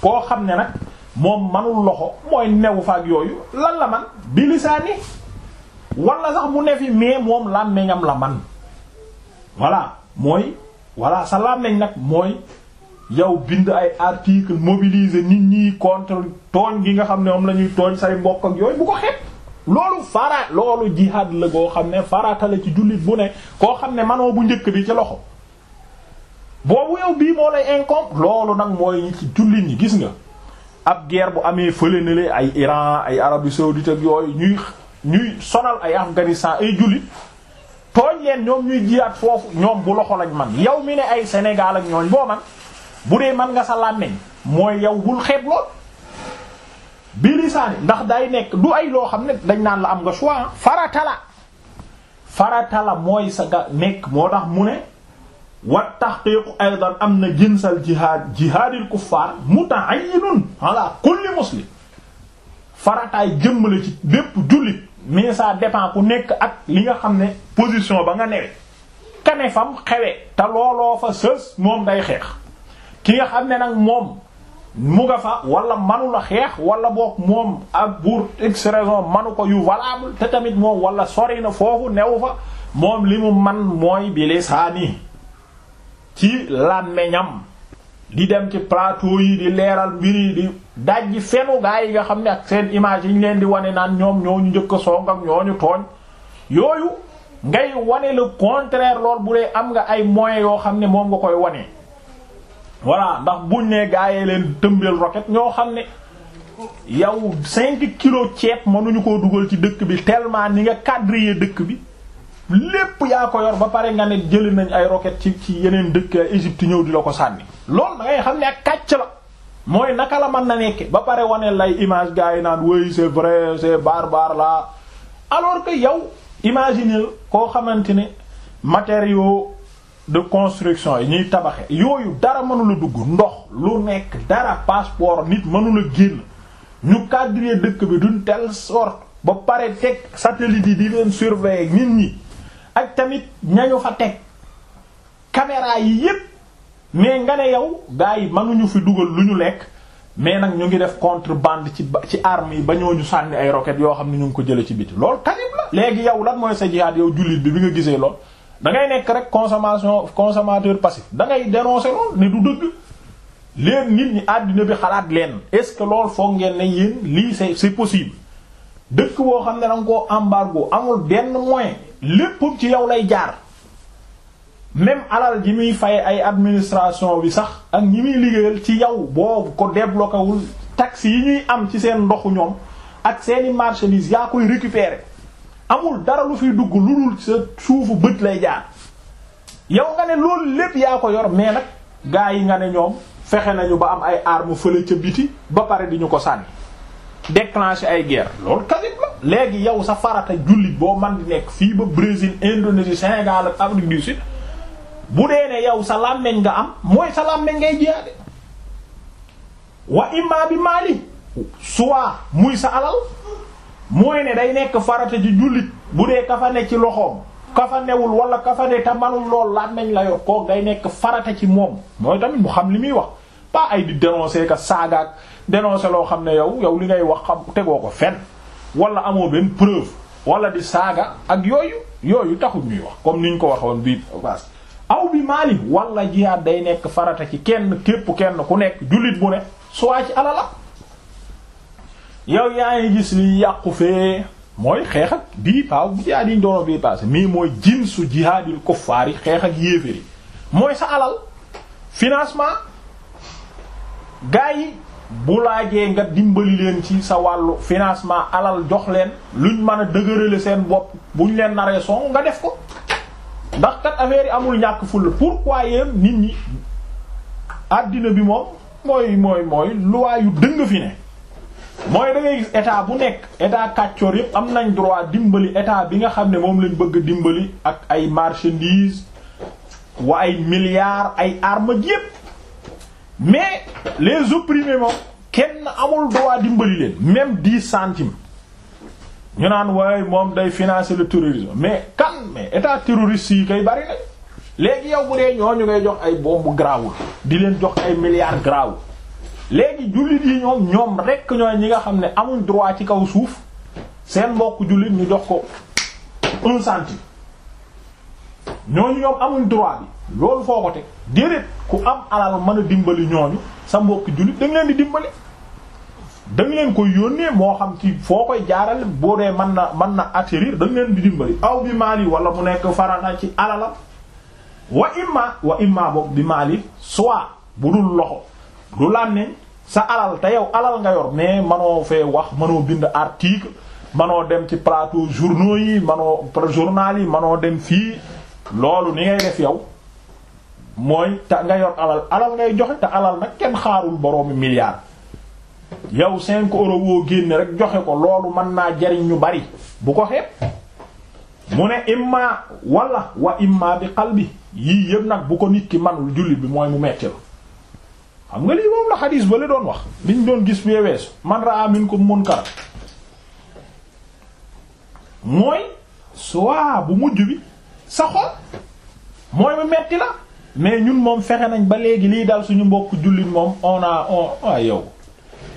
Speaker 1: koo xam ne nag moom manul loxo mooy newu faak yooyu lan la man bi lisaani sax mu ne fi mais moom làmmiñam la man voilà mooy voilà sa làmmiñ nag mooy yow bind ay article mobiliser nit ñi contre tooñ gi nga xam ne moom la ñuy tooñ say mbokk ak yooyu bu ko xeeb loolu fara loolu jihaad la goo xam ne farata ci jullit bu ne koo xam ne manoo bu njëkk bi ci loxo boobu yow bii moo lay incombe loolu nag mooy ñi ci jullit ñi gis nga ab guerre bu amee fële ay Iran ay Arabie saoudite ak yooyu ñuy ñuy sonal ay Afghanistan ay jullit tooñ leen ñoom ñuy jiyaat foofu ñoom bu loxo lañ man yow mi ne ay Sénégal ak ñooñ boo man bu dee man nga sa làmmiñ mooy yow bul xeeb lool bi ndax day nekk du ay loo xam ne dañ naan la am nga choix faratala faratala mooy sa nekk moo tax mu ne wa tahqiiqu aydan am na jinsal jihaad jihaadil kuffaar muta'ayyinun ala kulli muslim farataay jëmmale ci bépp jullit mais ça dépend ku nekk ak li nga xam ne position ba nga newe kane fam xewe te looloo fa sës moom ngay xeex ki nga xam ne nag moom mu nga fa wala manula xeex wala boog moom ak buur x raison manu ko yu valable te tamit moom wala sori na foofu new fa moom li mu man mooy bi lisaani ci làmmeñam di dem ci plateau yi di leeral mbir yi di dajji fenu gaa yi nga xam ne ak seen image yi ñu leen di wane naan ñoom ñoo ñu njëkk a song ak ñoo ñu tooñ yooyu ngay wane la contraire lool bu dee am nga ay moyens yoo xam ne moom nga koy wane. voilà ndax buñ ne gaa yee leen tëmbeel roquette ñoo xam ne yow 5 kilos ceeb mënuñu ko dugal ci dëkk bi tellement ni nga quadriller dëkk bi. lépp yaa ko yor ba pare nga ne jëli nañ ay roquettes ci ci yeneen dëkk Égypte ñëw di la ko sànni loolu da ngay xam ne ak kàcc la mooy naka la mën na nekke ba pare wane lay image gars yi naan oui c'est vrai baar barbare là alors que yow imaginer koo xamante ne matériaux de construction yi ñuy tabaxe yooyu dara mënula dugg ndox lu nekk dara passeport nit mënula génn ñu cadrer dëkk bi duñ tel sorte ba pare teg satellite yi di leen surveiller nit ñi ak tamit ñañu fa teg caméra yi yépp mais nga ne yow gars yi mënuñu fi dugal lu ñu lekk mais nag ñu ngi def contrebande ci ba ci armes yi ba ñu sànni ay roquettes yoo xam ne ñu ngi ko jële ci biti lool tamit la léegi yow lan mooy sa jihaad yow jullit bi bi nga gisee lool da ngay nekk rek consommation consommateur passif da ngay lool ne du dëgg leen nit ñi àddina bi xalaat leen est-ce que loolu foog ngeen ne yéen lii c'est si possible dëkk boo xam ne da nga koo amul benn moyen léppam ci yow lay jaar même alal ji muy fay ay administration bi sax ak ñi muy liggéeyal ci yow boobu ko débloqué wul taxes yi ñuy am ci seen ndoxu ñoom ak seeni marchandises yaa koy récupérer amul dara lu fiy dugg lu dul sa suufu bët lay jaar yow nga ne loolu lépp yaa ko yor mais nag gaa yi nga ne ñoom fexe nañu ba am ay armes fële ca biti ba pare di ñu ko sànni. déclencher ay guerre lool kasib la léegi yow sa farata jullit boo man di nekk fii ba Brésil Indonésie Sénégal ak Afrique du bu dee ne yow sa làmmeñ nga am mooy sa làmmeñ ngay jiyaade wa imma bi maali soit muy sa alal mooy ne day nekk farata ji jullit bu dee ka fa ci loxoom ka fa newul wala ka fa ne te manul lool làmmeñ la yor koog day nekk farata ci moom mooy tamit mu xam li muy wax pas ay di dénoncer ka saagaak dénoncer loo xam ne yow yow li ngay wax xam tegoo ko fen wala amoo benn preuve wala di saaga ak yooyu yooyu taxul ñuy wax comme ni ñu ko waxoon bii paas aw bi maali wala jihaad day nekk farata ci kenn képp kenn ku nekk jullit bu ne soit ci alala yow yaa ngi gis li yàqu fee mooy xeex bii paaw bu jihaad yi ñu doono bii paase mii mooy jinsu jihaadil kuffaar yi xeex ak yéeféer mooy sa alal financement gars yi bu laajee nga dimbali leen ci sa wàllu financement alal jox leen luñ mën a dëgërale seen bopp buñ leen naree song nga def ko ndax kat affaire yi amul ñàkk fulla pourquoi yéen nit ñi àddina bi moom mooy mooy mooy loi yu dëng fi ne mooy da gis état bu nekk état kàccoor yëpp am nañ droit dimbali état bi nga xam ne moom lañ bëgg dimbali ak ay marchandises wa ay milliards ay armes yëpp mais les opprimés moom kenn amul droit dimbali leen même dix centimes ñu naan waaye moom day financer le terrorisme mais kan mais état terroriste yi kay bari na léegi yow bu dee ñoo ñu ngay jox ay bombe grawul di leen jox ay milliards grawul léegi jullit yi ñoom ñoom rekk ñooy ñi nga xam ne amuñ droit ci kaw suuf seen mbokk jullit ñu jox ko un ñoo ñooñu ñoom amuñ droit bi loolu foo ko teg déedéet ku am alal mën a dimbali ñooñu sa mbokk jullit da leen di dimbali da nga leen koy yónnee moo xam ci foo koy jaaral boo dee mën na mën na atterrir da leen di dimbali aw bi maali wala mu nekk farana ci alalam wa imma wa imma boobu bi maali soit bu dul loxo du làmmiñ sa alal te yow alal nga yor mais manoo fee wax manoo bind article manoo dem ci plateau journaux yi manoo journal yi manoo dem fii loolu ni ngay def yow mooy te nga yor alal alal ngay joxe te alal nag kenn xaarul boroomi milliard yow cinq euros woo génne rek joxe ko loolu mën naa jariñ ñu bari bu ko xeeb mu ne imma wala wa imma bi qalbi yii yëpp nag bu ko nit ki manul jullit bi mooy mu metti la xam nga lii moom la xadiis ba la doon wax liñ doon gis bee ko man raa minkum munkar mooy soit bu mujj bi sa xol mooy mu metti la mais ñun moom fexe nañ ba léegi liy dal suñu mbokk jullit moom on a on a ah, yow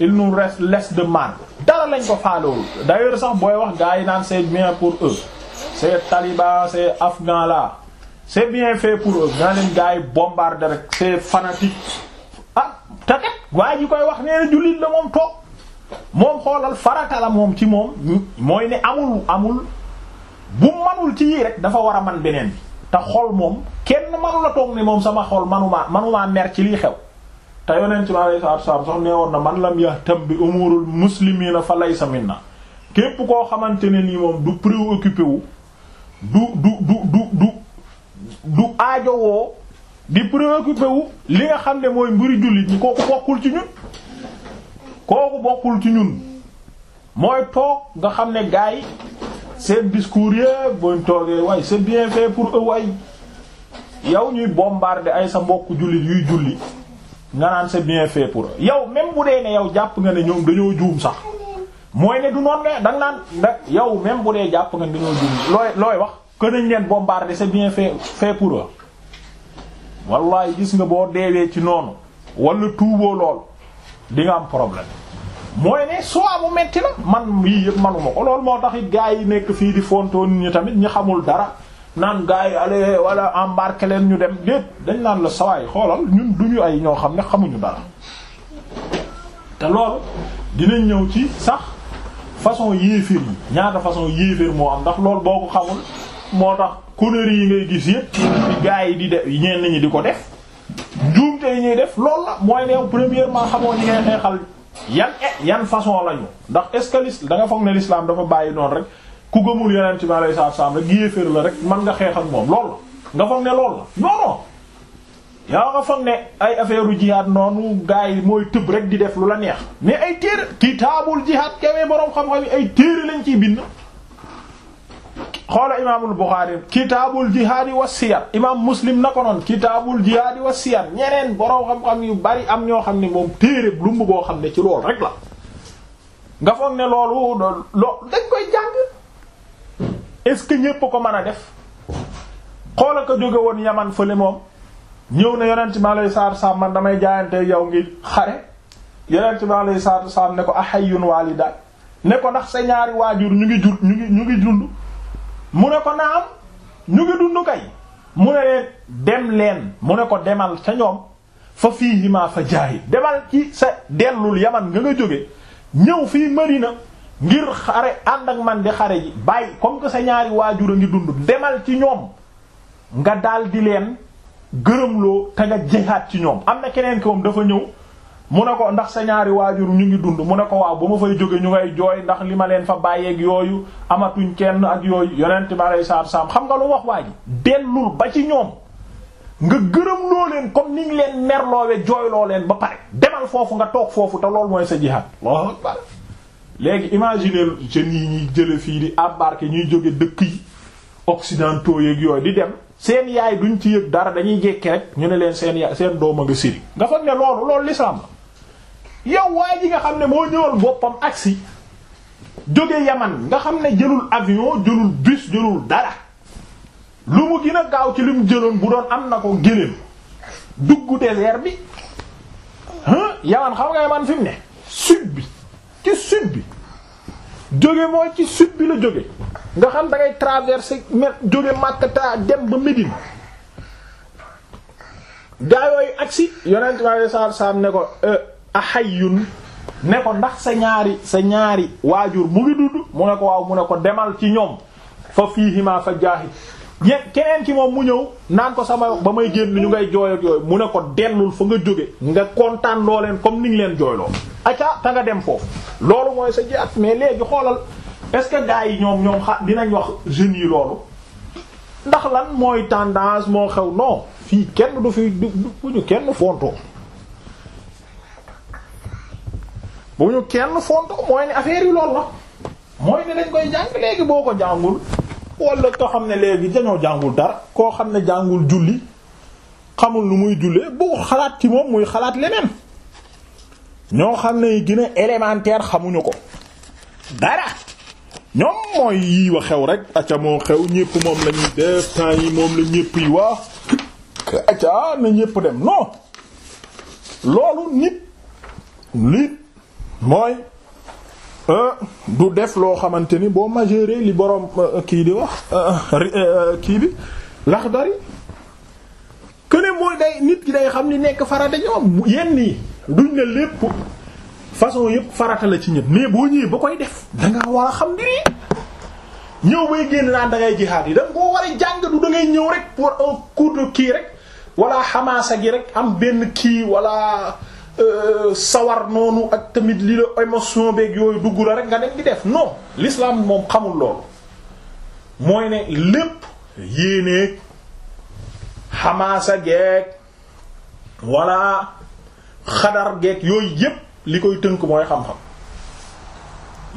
Speaker 1: il nous reste less de man dara lañ ko faalewul d'ailleurs sax booy wax gars yi naan c'est bien pour eux c'est taliban c'est afghan la c'est bien fait pour eux nga leen gars yi bombarder rek c'est fanatique ah takat waaye ji koy wax nee na jullit la moom toog moom xoolal faratala moom ci moom mooy ne amul amul bu manul ci yii rek dafa war a man beneen bi te xol moom kenn manu la toog ni moom sama xol manuma manuma mer ci lii xew te yonent bi alayhi salaatu wasallam sax nee woon na man la lam yahtam bi umurul muslimiina fa laysa minna képp koo xamante ne nii moom du préoccupé wu du du du du du aajowoo di préoccupé wu li nga xam ne mooy mbiri jullit ñi kooku bokkul ci ñun kooku bokkul ci ñun mooy toog nga xam ne gaay seen discours yëpp buñ toogee waaye c'est bien fait pour eux waay yow ñuy bombarder ay sa mbokk jullit yuy julli nga naan c'est bien fait pour eux yow même bu dee ne yow jàpp nga ne ñoom dañoo juum sax mooy ne du noon nga danga naan nag yow même bu dee jàpp nga ne dañoo juum looy looy wax que nañ leen bombarder c'est bien fait fait pour eux wallaay gis nga boo deewee ci noonu wala tuuboo lool di am problème mooy ne soit mu metti la man yii yëpp manuma ko loolu moo tax gaa yi nekk fii di fontoon ñu tamit ñu xamul dara naan gars yi ale wala embarqué leen ñu dem déet dañ naan la sawaay xoolal ñun duñu ay ñoo xam ne xamuñu dara te loolu dinañ ñëw ci sax façon yéeféer yi ñaata façon yéeféer moo am ndax lool boo ko xamul moo tax conneries yi ngay gis yëpp di yi di def ñenn ñi di ko def njuumte yi ñuy def loolu la mooy ne premièrement xamoo ñi ngay xeexal yan yan façon lañu ndax est-ce que l'islam da nga foog ne l'islam dafa bàyyi noonu rek ku gëmul yonent bi alayhi salaatu salaam rek yéeféer la rek man nga xeex moom lool la nga foog ne loolu la non non yaa nga foog ne ay affaire u jihaad noonu gars yi mooy tëb rek di def lu la neex mais ay téere kitaabul jihaad kawee boroom xam-xam yi ay téere lañ ciy bind xoola imaamul Buxaari kitaabul jihaadi wa siyar imaam muslim na ko noon kitaabul jihaadi wa siyar ñeneen borom xam-xam yu bari am ñoo xam ne moom téere lumb boo xam ne ci loolu rek la nga foog ne loolu loo dañ koy jàng est-ce que ñépp ko mën a def xoola ko jóge woon yaman fële moom ñëw na yonent bi alayhi salaatu salaam man damay jaayante yow ngi xare yonent bi alayhi salaatu salaam ne ne ko ndax sa ñaari waajur ñu ngi mu ne ko naam ñu ngi dund kay mu ne leen dem leen mu ne ko demal sa ñoom fa fiihima fa jaahid demal ci sa dellul yaman nga nga jóge ñëw fii Madina ngir xare ànd ak man di xare ji bàyyi comme que sa ñaari waajur a ngi dund demal ci ñoom nga daal di leen gërëmloo te nga jihaat ci ñoom am na keneen ki dafa ñëw mu ne ko ndax sa ñaari waajur ñu ngi dund mu ne ko waaw bu ma fay jóge ñu ngay jooy ndax li ma leen fa bàyyeek yooyu amatuñ kenn ak yooyu yonent bi alei salaatu salaam xam nga lu wax waa ji dellul ba ci ñoom nga gërëm loo comme ni leen merloowe jooy loo leen ba pare demal foofu nga toog foofu te loolu mooy sa jihaad Allahu akbar léegi imaginer yi ñuy jële fii di embarquer ñuy jóge dëkk yi occidentaux yeeg yooyu di dem seen yaay duñ ci dara dañuy jekke rek ñu ne leen seen seen doom a nga siri nga foog ne loolu loolu la yow waaye ji nga xam ne moo ñëwal boppam agsi jóge yaman nga xam ne jëlul avion jëlul bus jëlul dara lu mu gën a gaaw ci li mu jëloon bu doon am na ko gëléem dugg désert bi yaman xam nga yaman fi ne sud bi ci sud bi jóge mooy ci sud bi la jóge nga xam da ngay traverser jóge Makka dem ba Médine gaa agsi yonent bi sallallahu ne ko euh, xay axayyun ne ko ndax sa ñaari sa ñaari waajur mu ngi dudd mu ne ko waaw mu ne ko demal ci ñoom fa fiihima fa jaahid keneen ki moom mu ñëw naan ko sama ba may génn ñu ngay jooy ak mu ne ko dellul fa nga jóge nga kontaan loo leen comme ni ngi leen jooyloo acca ta nga dem foofu loolu mooy sa jiat mais léegi xoolal est-ce que gars yi ñoom ñoom xa dinañ wax jeunes yi loolu ndax lan mooy tendance moo xew non fii kenn du fi du ñu kenn fontoo bu ñu kenn fonto mooy ne affaire yi lool la mooy ne dañ koy jàng léegi boo ko jàngul wala koo xam ne léegi dañoo jàngul dara koo xam ne jàngul julli xamul lu muy jullee boo xalaat ci moom muy xalaat leneen ñoo xam ne gën a élémentaire xamuñu ko dara ñoom mooy yii wa xew rek acca moo xew ñépp moom la ñuy yi moom la ñépp yi waa acca na ñépp dem non loolu nit nit mooy euh, du def loo xamante ni boo majeure li borom euh, kii di wax euh, kii bi lax dari këne mooy day nit ki day xam ni nekk farata ñoom yenn yi duñ ne lépp façon yëpp farata la ci ñëpp mais boo ñëwee ba koy def dangaa war a xam diri ñëw bay génn naan dangay ngay yi da koo war a jàng du da ñëw rek pour un kii rek wala xamaasa gi rek am benn kii wala Euh, sawar noonu ak tamit li la émotion beeg yooyu dugg la rek nga dem di def non l'islam moom xamul loolu mooy ne lépp yéeneeg xamaasa geeg walla xadar geeg yooyu yépp li koy tënk mooy xam-xam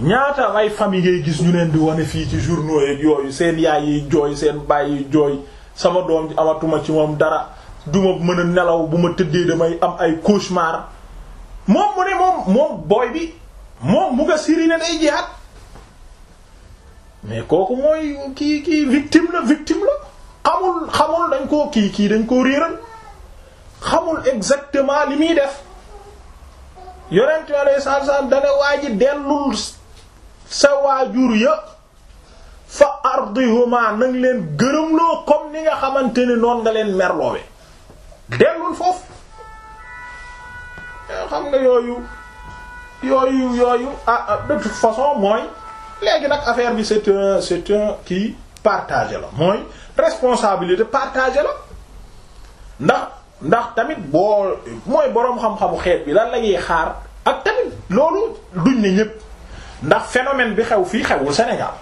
Speaker 1: ñaata ay famille ngay gis ñu leen di wane fii ci journaux yooyu seen yaay yi jooy seen baay yi jooy sama doom ji amatuma ci moom dara duma mën a nelaw bu ma tëddee damay am ay cauchemar moom mu ne moom moom booy bi moom mu nga siri ne day jihaad mais kooku mooy kii kii victime la victime la xamul xamul dañ koo kii kii dañ koo réeral xamul exactement li muy def yonent alayhi salaatu salaam dane waa ji dellul sa waajur ya fa ardihuma nang leen gërëmloo comme ni nga xamante ne noon nga leen merloowe dellul foofu xam nga yooyu yooyu yooyu ah, ah de toute façon mooy léegi nag affaire bi c'est un c'est un kii partagé la mooy responsabilité partagé la ndax ndax tamit boo mooy boroom xam-xamu xeet bi lan la ñuy xaar ak tamit loolu duñ ne ñépp ndax phénomène bi xew fii xewul Sénégal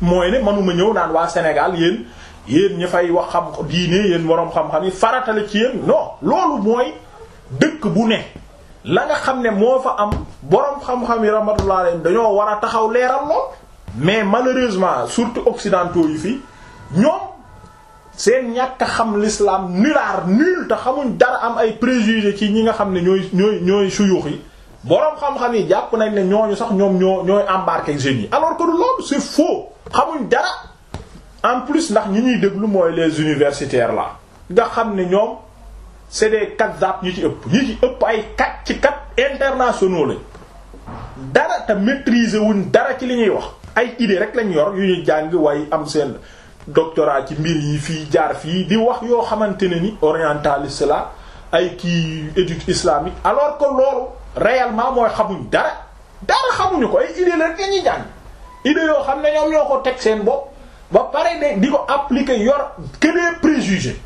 Speaker 1: mooy ne manuma ñëw naan waa Sénégal yéen yéen ñi fay wax xam diine yéen waroom xam-xam yi faratale ci yéen non loolu mooy dëkk bu ne la nga xam ne moo fa am boroom xam-xam yi rahmatullah alayhim dañoo war a taxaw leeral lool mais malheureusement surtout occidentaux yi fii ñoom seen ñàkk xam lislaam nulaar nul te xamuñ dara am ay préjugés ci ñi nga xam ne ñooy ñooy ñooy suyux yi boroom xam-xam yi jàpp nañ ne ñooñu sax ñoom ñoo ñooy embarquer jeunes yi alors que du loolu c'est faux xamuñ dara en plus ndax ñi ñuy déglu mooy les universitaires là nga xam ne ñoom c'est des kazzab ñi ci ëpp ñi ci ëpp ay kat ci kat internationaux lañ dara te maîtriser wuñ dara ci li ñuy wax ay idée rek lañu yor yu ñu jàng waaye am seen doctorat ci mbir yi fii jaar fii di wax yoo xamante ne ni oriental la ay kii étude islamique alors que loolu réellement mooy xamuñ dara dara xamuñu ko ay idée la rek la ñuy jàng yoo xam ne ñoom ñoo ko teg seen bopp ba pare de di ko appliquer yor que des préjugés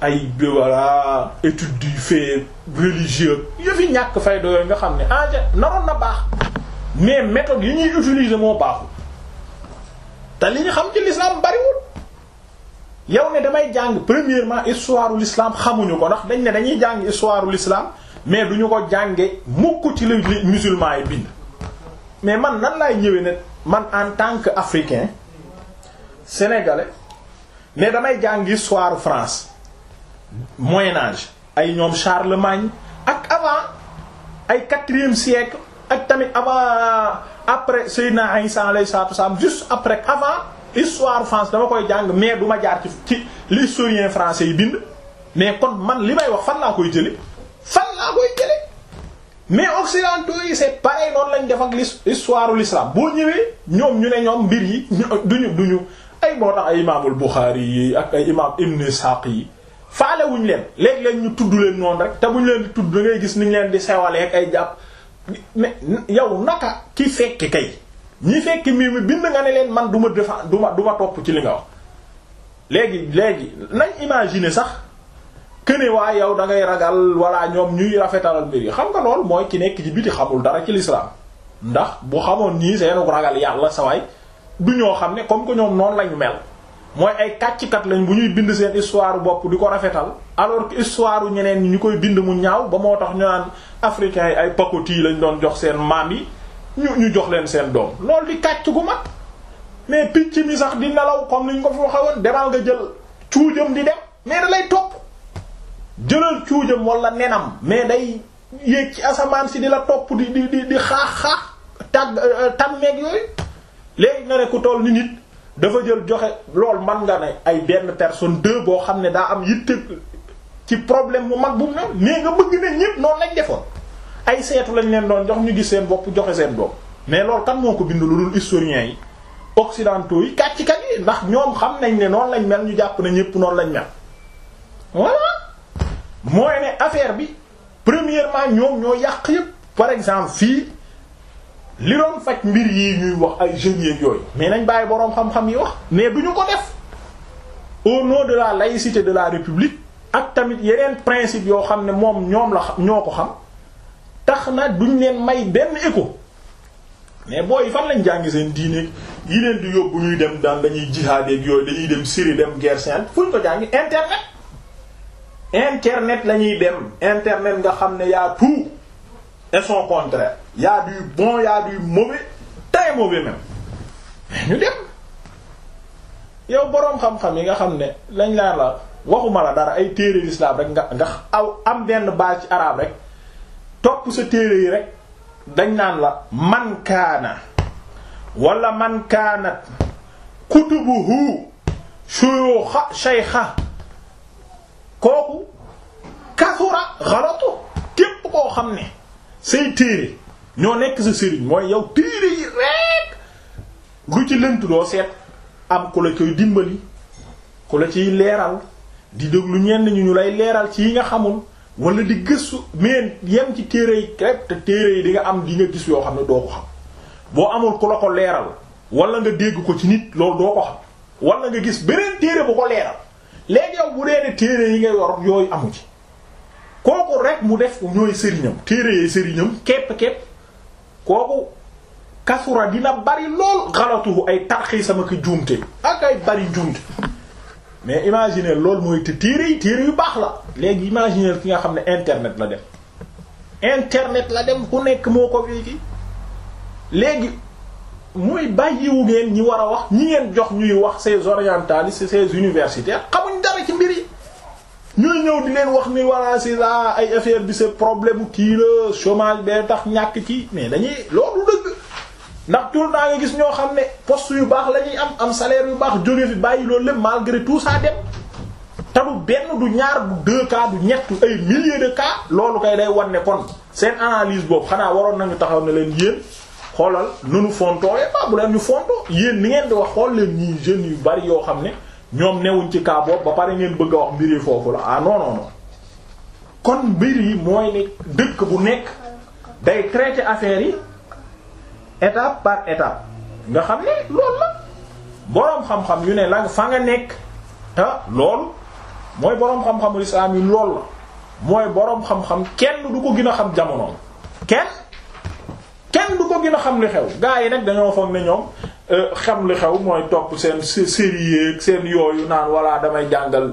Speaker 1: ay voilà étude du fait religieux yëfi ñàkk fay doyoo nga xam ne en ah, naroon na baax mais méthode yi ñuy utiliser moo baaxul te li ñu xam ci l'islam bariwul yow ne damay jàng premièrement histoire u l'islam xamuñu ko ndax dañ ne dañuy jàng histoire u l'islam mais ñu ko jànge mukk ci li musulman yi bind mais man nan laay ñëwee ne man en tant que africain sénégalais mais damay jàng histoire France Moyen Âge ay ñoom Charlemagne ak avant ay quatrième siècle ak tamit avant après Seydina Isa alayhi salaatu wasallam juste après avant histoire France dama koy jàng mais du ma jaar ci ci l'historien français yi bind mais kon man li may wax fan laa koy jële fan laa koy jële mais occidentaux yi c'est pareil noonu lañ def ak l'histoire de l'islam boo ñëwee ñoom ñu ne ñoom mbir yi duñu duñu ay moo tax ay imaamul Buxaari yi ak ay imaam Ibn Ishaq yi faalewuñ leen léeg-léeg ñu tudd leen noonu rek te buñ leen di tudd da ngay gis niñ leen di sewalee ay jàpp mais yow naka ki fekk kay ñi fekk mbir mi bind nga ne leen man du ma defa du ma du topp ci li nga wax. léegi léegi nañ imaginer sax que ne waa yow da ngay ragal walla ñoom ñuy rafetalal mbir yi xam nga lool mooy ki nekk ci biti xamul dara ci lislaam ndax bu xamoon nii seenu ragal yàlla sa waay du ñoo xam ne comme que ñoom noonu lañu mel mooy ay kàcckat lañ bu ñuy bind seen histoire bopp di ko rafetal alors que histoire ñeneen ñi ñu koy bind mu ñaaw ba moo tax ñu naan africains yi ay pacotille lañ doon jox seen maam yi ñu ñu jox leen seen doom loolu di kàcc gu mag mais picc mi sax di nelaw comme niñ ko fi waxewoon demal nga jël cuujam di dem mais da lay topp jëlal cuujam wala nenam mais day yéeg ci asamaan si di la topp di di di di xaax xaax tag léegi nga ne ku toll ni nit dafa jël joxe lool man nga ne ay benn personne deux boo xam ne daa am yitte ci problème mu mag bu mu ne nga bëgg ne ñépp noonu lañ defoon ay seetu lañ leen doon jox ñu gis seen bopp joxe seen doom mais loolu kan moo ko bind lu dul historiens yi occidentaux yi kàcc kat yi ndax ñoom xam nañ ne noonu lañ mel ñu jàpp ne ñépp noonu lañ mel voilà mooy ne affaire bi premièrement ñoom ñoo yàq yépp par exemple fii li doon faj mbir yi ñuy wax ay jeunes yeeg yooyu mais nañ bàyyi boroom xam-xam yi wax mais du ñu ko def au nom de la laïcité de la république ak tamit yeneen principe yoo xam ne moom ñoom la ñoo ko xam tax na duñ leen may benn écho mais booy fan lañ jàngi seen diine yi leen di yóbbu ñuy dem daan dañuy jihaad ak yooyu dañuy dem Syrie dem guerre sainte fu ñu ko jàngi internet internet la ñuy dem internet nga xam ne y'a tout et son contraire y a bon y a du mauvais très mauvais ñu dem yow boroom xam-xam yi nga xam ne lañ laa la waxuma la dara ay téere l'islam rek nga nga aw am benn base ci arabe rek topp sa téere yi rek dañ naan la man kaana wala man kaanat kutubuhu shuyukha shaykha kooku kasura xalatu képp koo xam ne say téere ñoo nekk sa sëriñ mooy yow téere yi rek lu ci lënt doo seet am ku la koy dimbali ku la ciy leeral di déglu ñenn ñu ñu lay leeral ci yi nga xamul walla di gëstu mais yem ci téere yi rek téere yi di nga am di nga gis yoo xam ne doo ko xam boo amul ku la ko leeral walla nga dégg ko ci nit loolu doo ko xam wala nga gis beneen téere bu ko leeral léegi yow bu dee ne téere yi nga yor yooyu amu ci kooku rek mu def ñooy sëriñam téere yee sëriñam képp képp kooku kasura dina bari lool xalatuhu ay tarxii sama ki juumte ak ay bari juumte mais imaginer loolu mooy te téere yi yu baax la léegi imaginer ki nga xam ne internet la dem internet la dem ku nekk moo ko fii ki léegi mooy bàyyiwu ngeen ñi war a wax ñi ngeen jox ñuy wax ces orientalistes ces universitaires xamuñ dara ci mbir yi ñooy ñëw di leen wax ni voilà c'est là ay affaire bi c'est problème kii la chômage bee tax ñàkk ci mais dañuy loolu dëgg ndax tout le ngi gis ñoo xam ne poste yu baax la ñuy am am salaire yu baax jóge fi bàyyi loolu lépp malgré tout sa dem te du benn du ñaar du deux cas du ñett ay milliers de cas loolu kay day wan ne kon seen analyse boobu xanaa waroon nañu taxaw ne leen yéen xoolal nunu nu ba bu leen ñu fonto yéen ni ngeen di wax xool leen ñii jeunes yu bari yoo xam ne ñoom newuñ ci cas boobu ba pare ngeen bëgg a wax mbir foofu la ah non kon mbir mooy dëkk bu nekk day traiter affaire yi étape par étape nga xam ne loolu la boroom xam-xam yu ne la fa nga nekk te loolu mooy boroom xam-xamu islaam yi lool la mooy boroom xam-xam kenn du ko gën a xam jamonoom kenn kenn du ko gin a xam li xew gaa yi nag dañoo foog ne ñoom xam li xew mooy topp seen série ak seen yooyu naan walla damay jàngal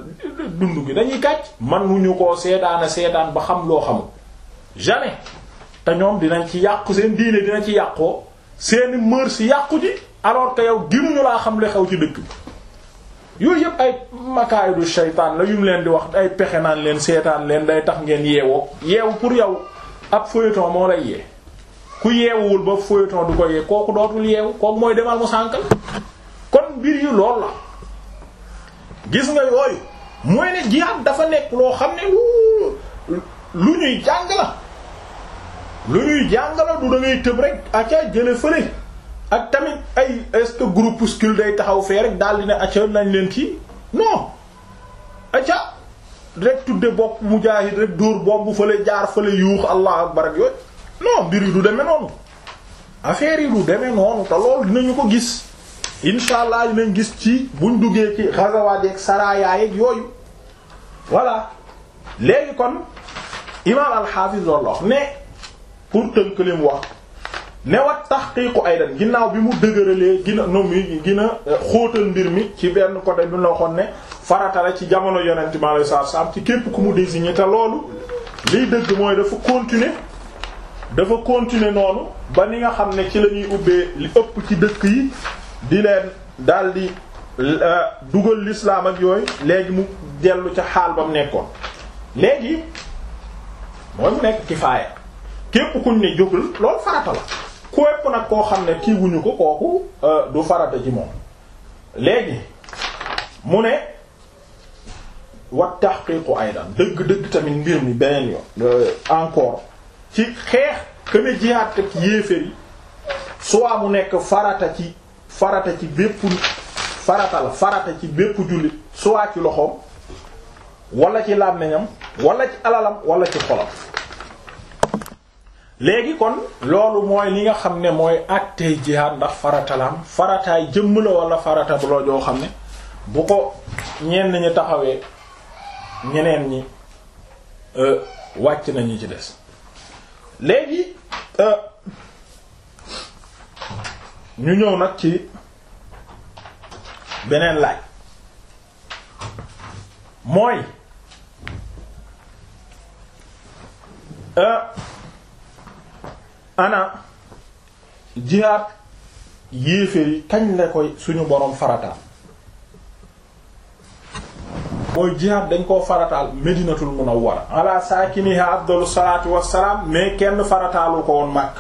Speaker 1: dund gi dañuy kàcc man wu ñu koo seetaana seetaan ba xam loo xamul jamais te ñoom dinañ ci yàqu seen diine dinañ ci yàqoo seeni mœurs si yàqu ci alors que yow ginuñu laa xam li xew ci dëkk bi yooyu yëpp ay makaayidu shaytaan la yu mu leen di wax ay pexe naan leen seetaan leen day tax ngeen yeewoo yeew pour yow ab feuilleton moo lay yee ku yeewul ba feuilleton du ko yee kooku dootul yeewu kooku mooy demal mu sànkal kon mbir yu lool la gis nga yooyu mooy ne jihaad dafa nekk loo xam ne lu ñuy jàng la lu ñuy jàng la du da ngay tëb rek acca jële fële ak tamit ay est-ce que groupuscule day taxaw fee rek daal di ne acca nañ leen kii non acca rek tudde bopp mujaahid rek dóor bombu fële jaar fële yuux allahu akbar ak yooyu non mbir yi du demee noonu affaire yi du demee noonu te loolu dinañu ko gis incha allah dinañ gis ci buñ duggee ci xazawaat yeeg saraayaa yeeg yooyu voilà léegi kon imaam al-Hafiz loolu wax ne pour tënk li wax ne wat tahqiqu aydan ginnaaw bi mu dëgëralee gina no mi gina eh, xóotal mbir mi ci benn côté bi la waxoon ne farata la ci jamono yonent mi alayhi salaam ci képp ku mu désigné te loolu liy dëgg mooy dafa continuer dafa continuer noonu ba ni nga xam ne ci la ñuy ubbee li ëpp ci dëkk yi di leen daldi euh, dugal lislaam ak yooyu léegi mu dellu ca xaal ba mu nekkoon léegi mooy mu nekk kifaaya képp kuñ ne jógal loolu farata la képp nag koo xam ne kiiwuñu ko kooku euh, du farata ci moom léegi mu ne wat tahqiqu aydan dëgg-dëgg tamit mbir mi beneen yoon euh, encore ci xeex kën a jihaat ak yéeféer yi soit mu nekk farata ci farata ci bépp farata la farata ci bépp jullit soit ci loxoom wala ci làmmiñam walla ci alalam walla ci xolam léegi kon loolu mooy li nga xam ne mooy àttee jihaad ndax farata la am farataay jëmm la wala farata bu la joo xam ne bu ko ñenn ñi taxawee ñeneen ñi euh, wàcc nañu ci des léegi euh, ñu ñëw nag ci beneen laaj mooy euh, ana jihaad yéeféer yi kañ la koy suñu boroom farataal mooy jihaad dañ koo farataal medinatul munawwara ala saakiniha afdalu salaatu wassalaam mais kenn farataalu ko woon màkk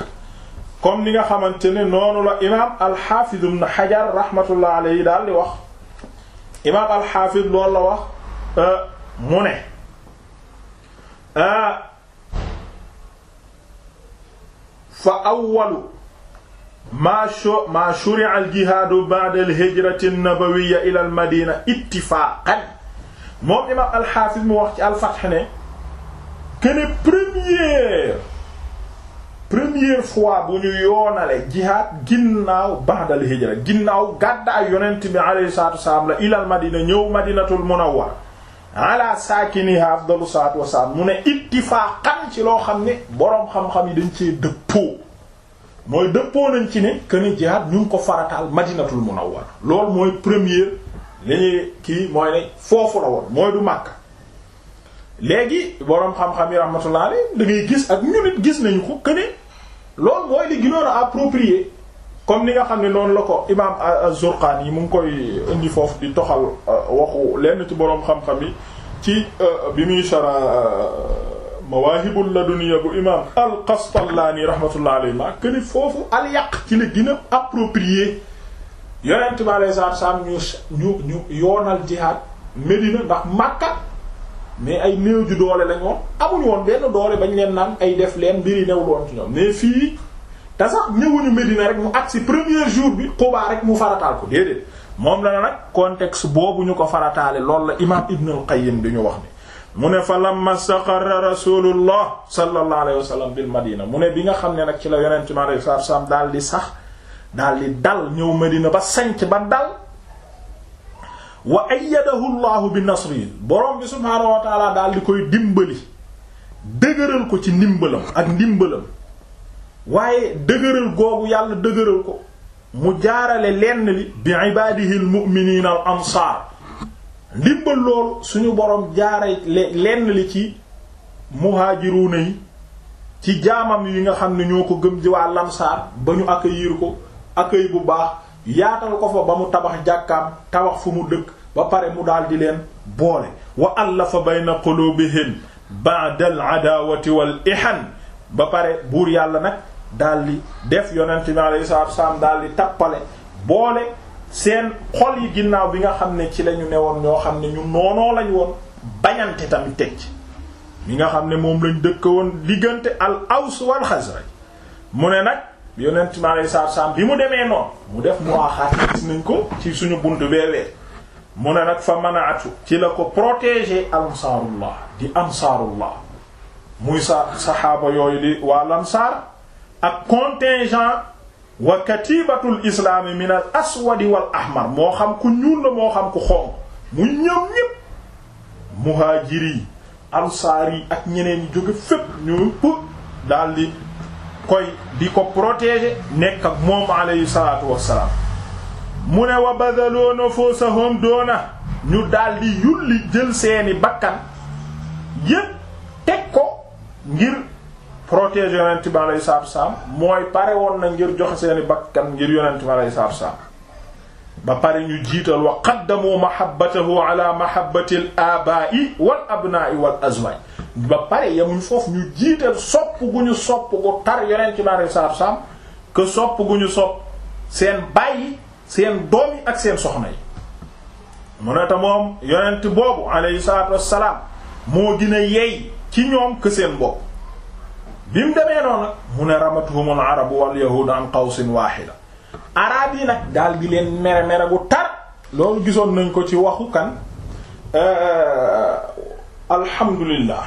Speaker 1: comme ni nga xamante ne noonu la imaam alxaafid ibn xajar rahmatullah alayhi daal di wax imaam alxaafid loolu euh, mu ne euh, fa awwalu maa maa al jihaadu ba'da al hijrati an nabawiyya ila al madina ittifaaqan moom imaam alxaafis mu wax ci alfath ne que ne première première fois bu ñu yoonale jihaad ginnaaw ba'dal hijra ginnaaw gàddaay yonent bi alayhi salaatu wasalaam la ilal madina ñëw madinatul munawwar ala saakiniha afdalu salaatu mu ne ittifaaqan ci loo xam ne boroom xam-xam yi dañ cee dëppoo mooy dëppoo nañ ci ne que ne jihaad ko farataal madinatul munawwar loolu mooy première. li ñuy kii mooy ne foofu la woon mooy du Makka léegi boroom xam-xam yi rahmatullah alayhi da gis ak ñu nit gis nañu ko këne loolu mooy li gënoon a approprié comme ni nga xam ne noonu la ko imaam az-Zurqaani yi mu ngi koy indi foofu di toxal euh, waxu lenn ci boroom xam-xam yi ci euh, bi muy shara euh, mawaahibul ladunniya bu imaam al-Qastallaani rahmatullah alayhi ma foofu al yàq ci la gën a yonent bi alayhi salaatu salaam ñu ñu ñu yoonal jihaad Medina ndax Makka mais ay néew ju doole lañ woon amuñ woon benn doole bañ leen naan ay def leen mbiri newul woon ci ñoom mais fii te sax ñëwuñu Medina rek mu agsi premier jour bi Quba rek mu farataal ko déedéet moom la nag contexte boobu ñu ko farataale loolu la imaam Ibn al-Qayyim di ñu wax ni mu ne fa lamma staqarra rasulullah sallallahu alayhi wa sallam bil madina mu ne bi nga xam ne nag ci la yonent mi alayhi salaatu salaam daal di sax daal dal ñëw Medina ba sanc ba dal wa ayyadahu llahu bi nasri borom bi subhaanahu wa taala daal di koy dimbali dëgëral ko ci ndimbalam ak ndimbalam waaye dëgëral googu yàlla dëgëral ko mu jaarale lenn li bi ibaadihi almu'miniina al ansaar ndimbal loolu suñu borom jaare lenn li ci muhaajiruuna yi ci jaamam yi nga xam ne ñoo ko gëm ji waa ba ñu yiir ko accueil bu baax yaatal ko fa ba mu tabax jàkkaam tabax fu mu dëkk ba pare mu daal di leen boole wa allafa bayna ba ba'da al-adawati wal ihan ba pare buur yàlla nag daal di def yonent bi alayhi salaatu wasalaam daal di tappale boole seen xol yi ginnaaw bi nga xam ne ci la ñu woon ñoo xam ne ñu noonoo lañ woon bañante tamit teg ci mi nga xam ne moom lañ dëkk woon diggante al aws wal xasraj mu ne nag yonent mi alei saatu salaam bi mu demee noonu mu def mu waaxaat gis nañ ko ci suñu bunt beewee mu ne nag fa manaatu ci la ko protéger ansaarullah di ansaarullah muy sa saxaaba yooyu di waa lansaar ak contingent wa katibatul islaami min al aswadi wal ahmar moo xam ku ñuul la moo xam ku xonq mu ñoom ñépp muhaajiri ansaar yi ak ñeneen ñu jóge fépp ñu ëpp daldi koy di ko protéger nekk ak moom alayhi mu ne wa badaloo nufuusahum doona ñu daldi yulli jël seeni bakkan yépp teg ko ngir protéger yonent bi alayhi mooy pare woon na ngir joxe seeni bakkan ngir yonent bi alayhi salaatu wassalaam ba pare ñu jiital wa qaddamu mahabbatahu ala mahabbati al abaa'i wal abnaa'i wal azwaaj ba pare yamuñ foofu ñu jiital sopp gu ñu sopp gu tar yonent ci bari saab saam sopp gu ñu sopp seen bàyyi seen doom yi ak seen soxna yi mu ne te moom yonent boobu alayhi salaatu wassalaam moo gën a yey ci ñoom que seen bopp bi mu demee noonu mu ne ramatuhumul arabu wal yahuudu an araab yi nag daal gi leen mere mere gu tar loolu gisoon nañ ko ci waxu kan euh, alhamdulillah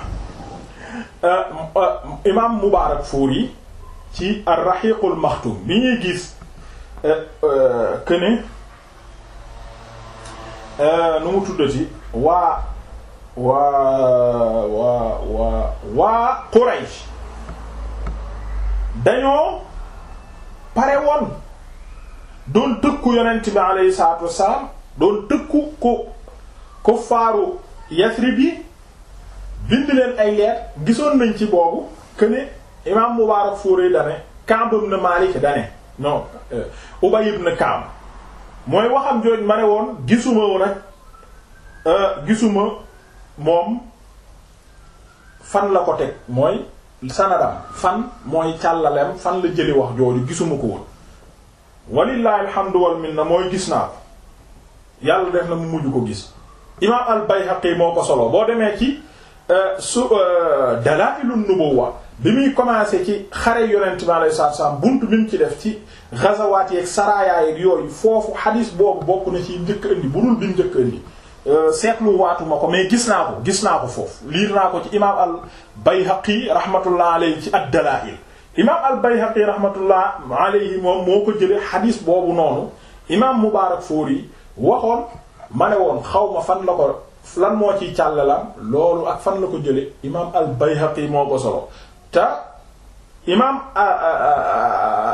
Speaker 1: Euh, euh, imaam Mubaarak Fuuri ci ar-Rahiiqul Maxtuum bi ñuy gis euh, que ne nu mu tuddati waa waa waa waa dañoo pare woon doon tëkku yonent bi alayhi salaatu wassalaam doon tëkku ko ko faaru bind leen ay leer gisoon nañ ci boobu que ne imaam Mubaarak Fuuri dane Kaab dane non euh, mooy waxam jooj ma ne woon gisuma woon ak euh, gisuma moom fan la ko teg mooy sanadam fan mooy càllalem fan la jëli wax jooju gisuma ko woon walillahi alhamdu wal minna mooy gis naa ko yàlla def na mu mujj ko gis imaam al Bayhaqi moo ko solo boo demee ci Euh, su euh, dalaa'ilun nubuwwa bi muy commencé ci xare yonent bi alayhi salaatu salaam ci def ci gazawaat yeeg saraayaa yeeg yooyu foofu xadis boobu bokk na ci njëkk indi bu dul bi mu njëkk indi euh, seetlu waatuma ko mais gis naa ko gis naa ko foofu liir naa ko ci imaam al bayhaqi rahmatullah alayhi ci ad dalaa'il imaam al bayhaqi rahmatullah alayhi moom moo ko jëlee xadis boobu noonu imaam mubaarak fóor yi waxoon ma ne woon xaw fan la ko. lan moo ciy càllalam loolu ak fan la ko jële imaam al-Bayhaqi moo ko solo te imaam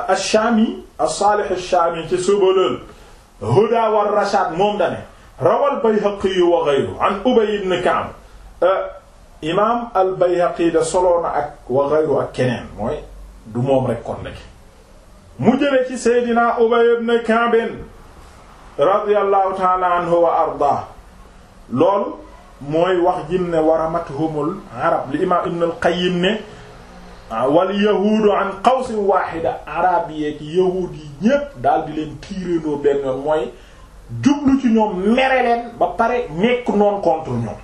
Speaker 1: ash-Shaami as-Saalih ash-Shaami ci Huda war Rashaad moom dane rawal Bayhaqi wa ghayruhu an Ubay ibn Ka'b imaam al-Bayhaqi da solo na ak wa ghayru ak keneen mooy du moom rek kon nag mu jële ci Seydina Ubay ibn Ka'b radiyallahu ta'ala anhu wa ardaa loolu mooy wax jim ne waramathumul arab li imaam ibn al-Qayyim ne ah, wal yahuudu an qawsin waahida arab yeeg yahuud yi ñépp daal di leen tiiréendoo benn yoon mooy jublu ci ñoom mere leen ba pare nekk noon contre ñoom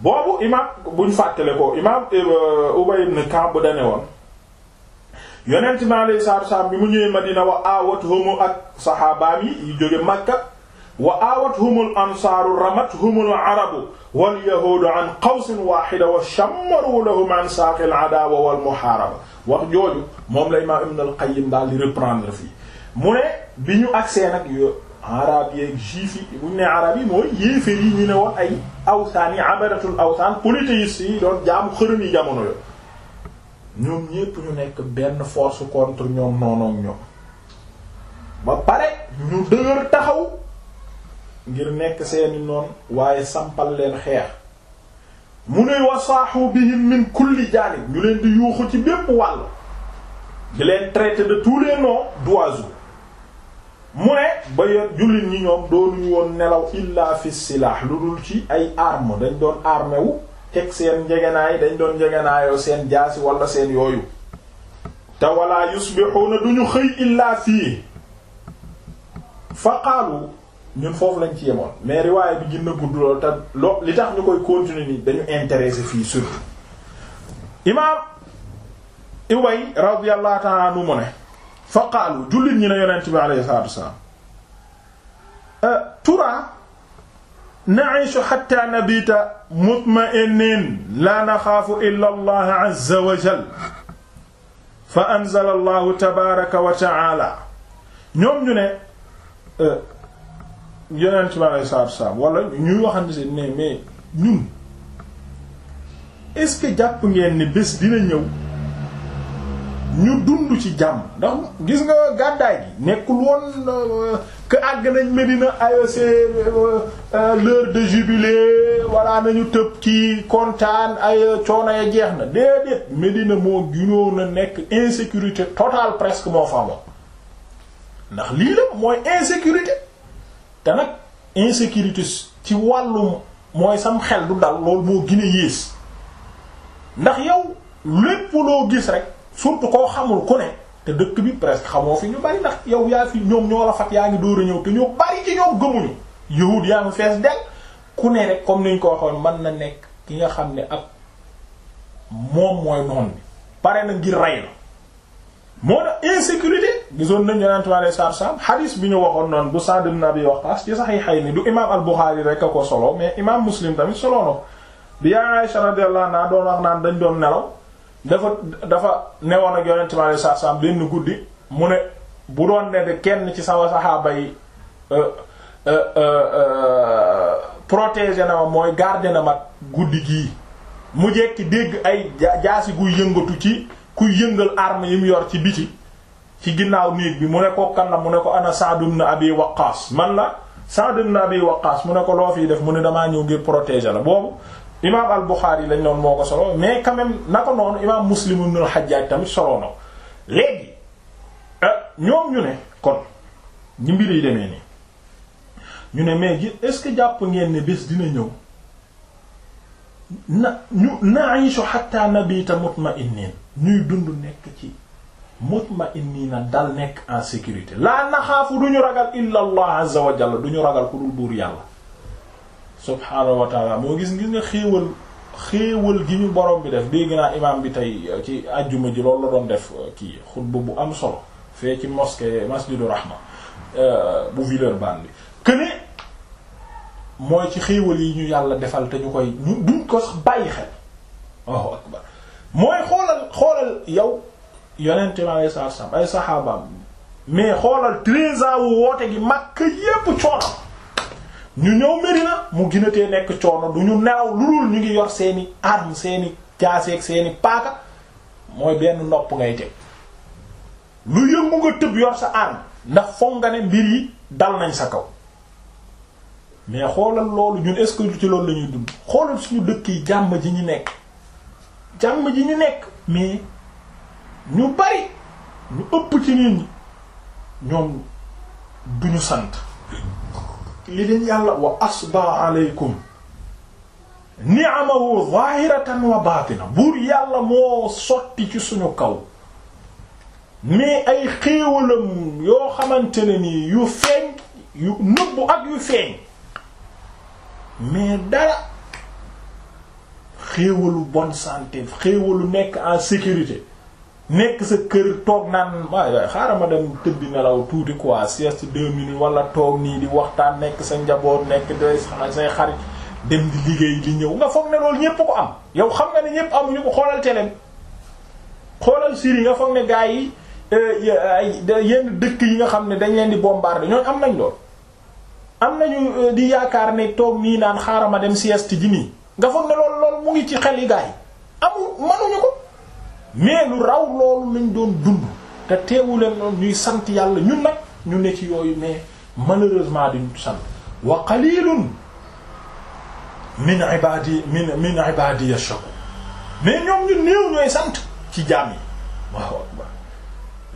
Speaker 1: boobu imaam buñ fàttale ko imaam eh, Ubay ibn Ka'b dane woon yonent mi alayhi salaatu bi mu ñëwee Madina wa aawat homo ak saxaabaam yi yu jóge Makka wa aawathumul ansaaru ramathumul arabu wal yahuudu an qawsin waahida wa shammaru lahum an saaqil adaawa wal muhaaraba wax jooju moom la imaam Ibn al-Qayyim daal di reprendre fii mu ne bi ñu agsee nag yo arab yeeg juif yi bu ñu nee arab yi mooy yéeféer yi ñu ne woon ay awsaan yi abaratul awsaan polythéistes yi doon jaamu xërëm yi jamono yo ñoom ñépp ñu nekk benn force contre ñoom noonoom ñoom ba pare ñu dëgër ngir nekk seeni noon waaye sampal leen xeex mu ne wasaaxu bihim min kulli jaanib ñu leen di yuuxu ci bépp wàll di leen traiter de tous les noms mu ne ba yoon jullit ñi ñoom doonuñu woon nelaw illa fi lu dul ci ay arme dañ doon armé teg seen njegenaay dañ doon njegenaayoo seen jaasi wala seen yooyu te walaa yusbixuuna duñu xëy illa fii ñun foofu lañ ci yemoon mais riwaay bi gën a gudd lool te lo li tax ñu koy continuer ni dañu intéressé fii surtout imaam Ubay radiyallahu ta'ala anhu mu ne fa qaalu jullit ñi ne yonent bi euh, tura na'ishu hatta nabita mutma'innin la naxaafu illa allah azza wa jalla fa anzala allahu tabaaraka wa ta'ala ñoom ñu ne euh, yeneen ci wàllu saabsaab wala ñuy waxante si ne mais ñun est-ce que jàpp ngeen ni bés dina ñëw ñu dund ci jàmm ndax gis nga gàddaay gi nekkul woon euh, que àgg nañ Medina AEC euh, euh, l'heure de jubilé wala nañu tëb ci kontaan ay coono ya jeex na déedéet Medina moo ginóo na nekk insécurité totale presque moo fa amoon ndax lii la mooy insécurité. te nag insécurité ci wàllum mooy sam xel du dal loolu moo gën a yées ndax yow lépp loo gis rek surtout koo xamul ku ne te dëkk bi presque xamoo fi ñu bari ndax yow yaa fi ñoom ñoo la fat yaa ngi door a ñëw te ñoo bari ci ñoom gëmuñu yahud yaa ngi fees del ku ne rek comme niñ ko waxoon mën na nekk ki nga xam ne ak moom mooy noon bi pare na ngir rey la moo tax insécurité gisoon nañu Yonent bi alayhi salaatu salaam hadith bi ñu waxoon noonu bu Sa'd ibn Abi Waqqaas ci Sahihayni du imaam al-Bukhari rek a ko solo mais imaam Muslim tamit solo na bi yaa Aisha radiyallahu anha doon wax naan dañ doon nelaw dafa dafa newoon ak Yonent bi alayhi salaatu salaam benn guddi mu ne bu doon ne de kenn ci sama saxaaba yi euh, euh, euh, protéger na ma mooy garder na ma guddi gii mu jekki dégg ay jaasi guy yëngatu ci. kuy yëngal arme yi mu yor ci biti ci ginnaaw néeg bi mu ne ko kan mu ne ko ana Sa'd ibn Abi Waqqas man la Sa'd ibn Abi Waqqas mu ne ko loo fii def mu ne damaa ñëw ngir protéger la boobu imaam al yi lañ noonu moo ko solo mais quand même naka noonu imaam Muslim ibn al-Hajjaj tamit solo na léegi euh, ñoom ñu ne kon ñi mbir demee nii ñu ne mais gi ce que jàpp ngeen ne bés dina ñëw na ñu na'ishu hatta nabita mutma'innin ñuy dund nekk ci mutma'inniina dal nekk en sécurité laa naxaafu du ñu ragal illa allah azza wa jalla du ragal ku dul buur yàlla subhaanahu wa taala moo gis ngis ne xéewal xéewal gi ñu borom bi def dégg naa imaam bi tey uh, ci àjjuma ji loolu la doon def uh, kii xutba bu am solo fee ci mosquée masjidu rahma uh, bu Villeurbanne bi këne mooy ci xéewal yi ñu yàlla defal te ñu koy ñu duñ ko sax bàyyi xel waaw akbar mooy xoolal xoolal yow yonente mi alei satu salam ay saxaabaam mais xoolal treize ans woote gi Makka yépp coono ñu ñëw Medina mu ginatee nekk coono du ñu nelaw lu dul ñu ngi yor seeni arme seeni jaaseeg seeni paaka mooy benn nopp ngay teg lu yëngu nga tëb yor sa arme ndax foog nga ne mbir yi dal nañ sa kaw mais xoolal loolu ñun est ci loolu lañuy ñuy dund xoolal suñu dëkk yi jàmm ji ñu nekk jàmm ji ñu nekk mais ñu bari ñu ëpp ci nit ñi ñoom duñu sant li leen yàlla wa asba aleykum ni'amahu zahiratan wa batina buur yàlla moo sotti ci suñu kaw mais ay xéewalam yoo xamante ni yu feeñ yu nëbbu ak yu feeñ mais dara xéewalu bon santé xéewalu nekk en sécurité nekk sa kër toog naan waaye xaaral ma dem tëdd nelaw tuuti quoi sieste deux minutes wala toog nii di waxtaan nekk sa njaboot nekk day say xarit dem di liggéey li ñëw nga foog ne loolu ñépp ko am yow xam na ne ñépp amuñu ko xoolal teleen xoolal Syrie nga foog ne gaa yi euh, yenn dëkk yi nga xam ne dañ leen di bombarder ñooñ am nañ lool am nañu euh, di yaakaar ne toog nii naan xaaral ma dem sieste ji nii nga foog ne lool lool mu ngi ci xel yi gaa yi amul mënuñu ko mais lu raw loolu lañ doon dund te teewuleen noonu ñuy sant yàlla ñun nag ñu ne ci yooyu mais malheureusement duñu sant wa qalilun min ibadi min min ibadi ash-shakur mais ñoom ngi néew ñooy sant ci jaam yi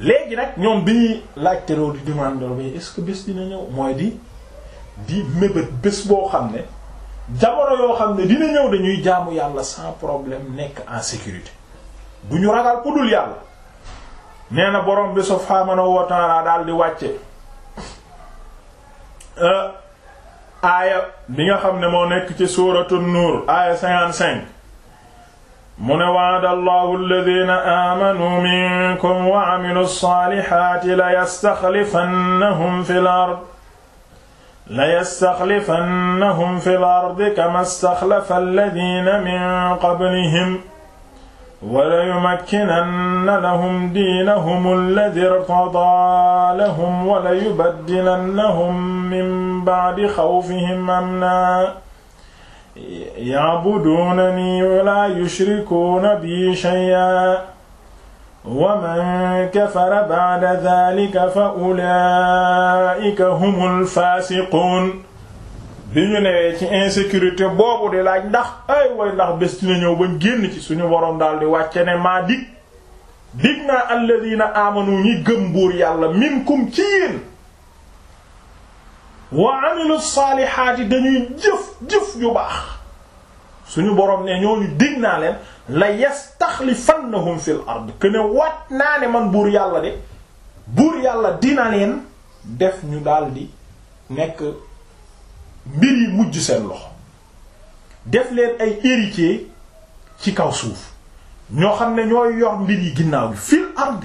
Speaker 1: léegi nag ñoom bi ñuy laajte loolu di demande mais est-ce que bés dina ñëw mooy di di mébét bés boo xam ne jamono yoo xam ne dina ñëw dañuy jaamu yàlla sans problème nekk en sécurité bu ñu ragal ku dul yàlla nee na borom bi subhaanahu wa ta'ala daal di wàcce euh, aaya bi nga xam ne moo nekk ci suuratu nuur aaya 55 mu ne wa'ada allahu alladhina aamanu minkum wa 'amilu ssaalihaati la yastakhlifannahum fil ard layastaxlifannahum fi l ardi kama staxlafa alladina min qablihim wala yumakkinanna lahum diinahum alladi irtadaa lahum wala yubaddilannahum min bacdi xawfihim amna yacbuduunani wala yushrikuuna bi shay'an wa man kafara ba'da dhalika fa ulaa'ika humul faasiquun bi ñu newee ci insécurité boobu di laaj ndax ay way ndax bés dina ñëw bañ génn ci suñu boroom daal di wàcce ne maa dig dig naa alladina amanu ñi gëm buur yàlla minkum ci yéen wa amilu saalihaati dañuy jëf jëf yu baax suñu boroom ne ñooñu dig naa leen la yastaxlifannahum fil ard que ne waat naa ne man buur yàlla de buur yàlla dina leen def ñu daldi nekk mbir yi mujj seen loxo def leen ay héritier ci kaw suuf ñoo xam ne ñooy yor mbir yi ginnaaw bi fil ard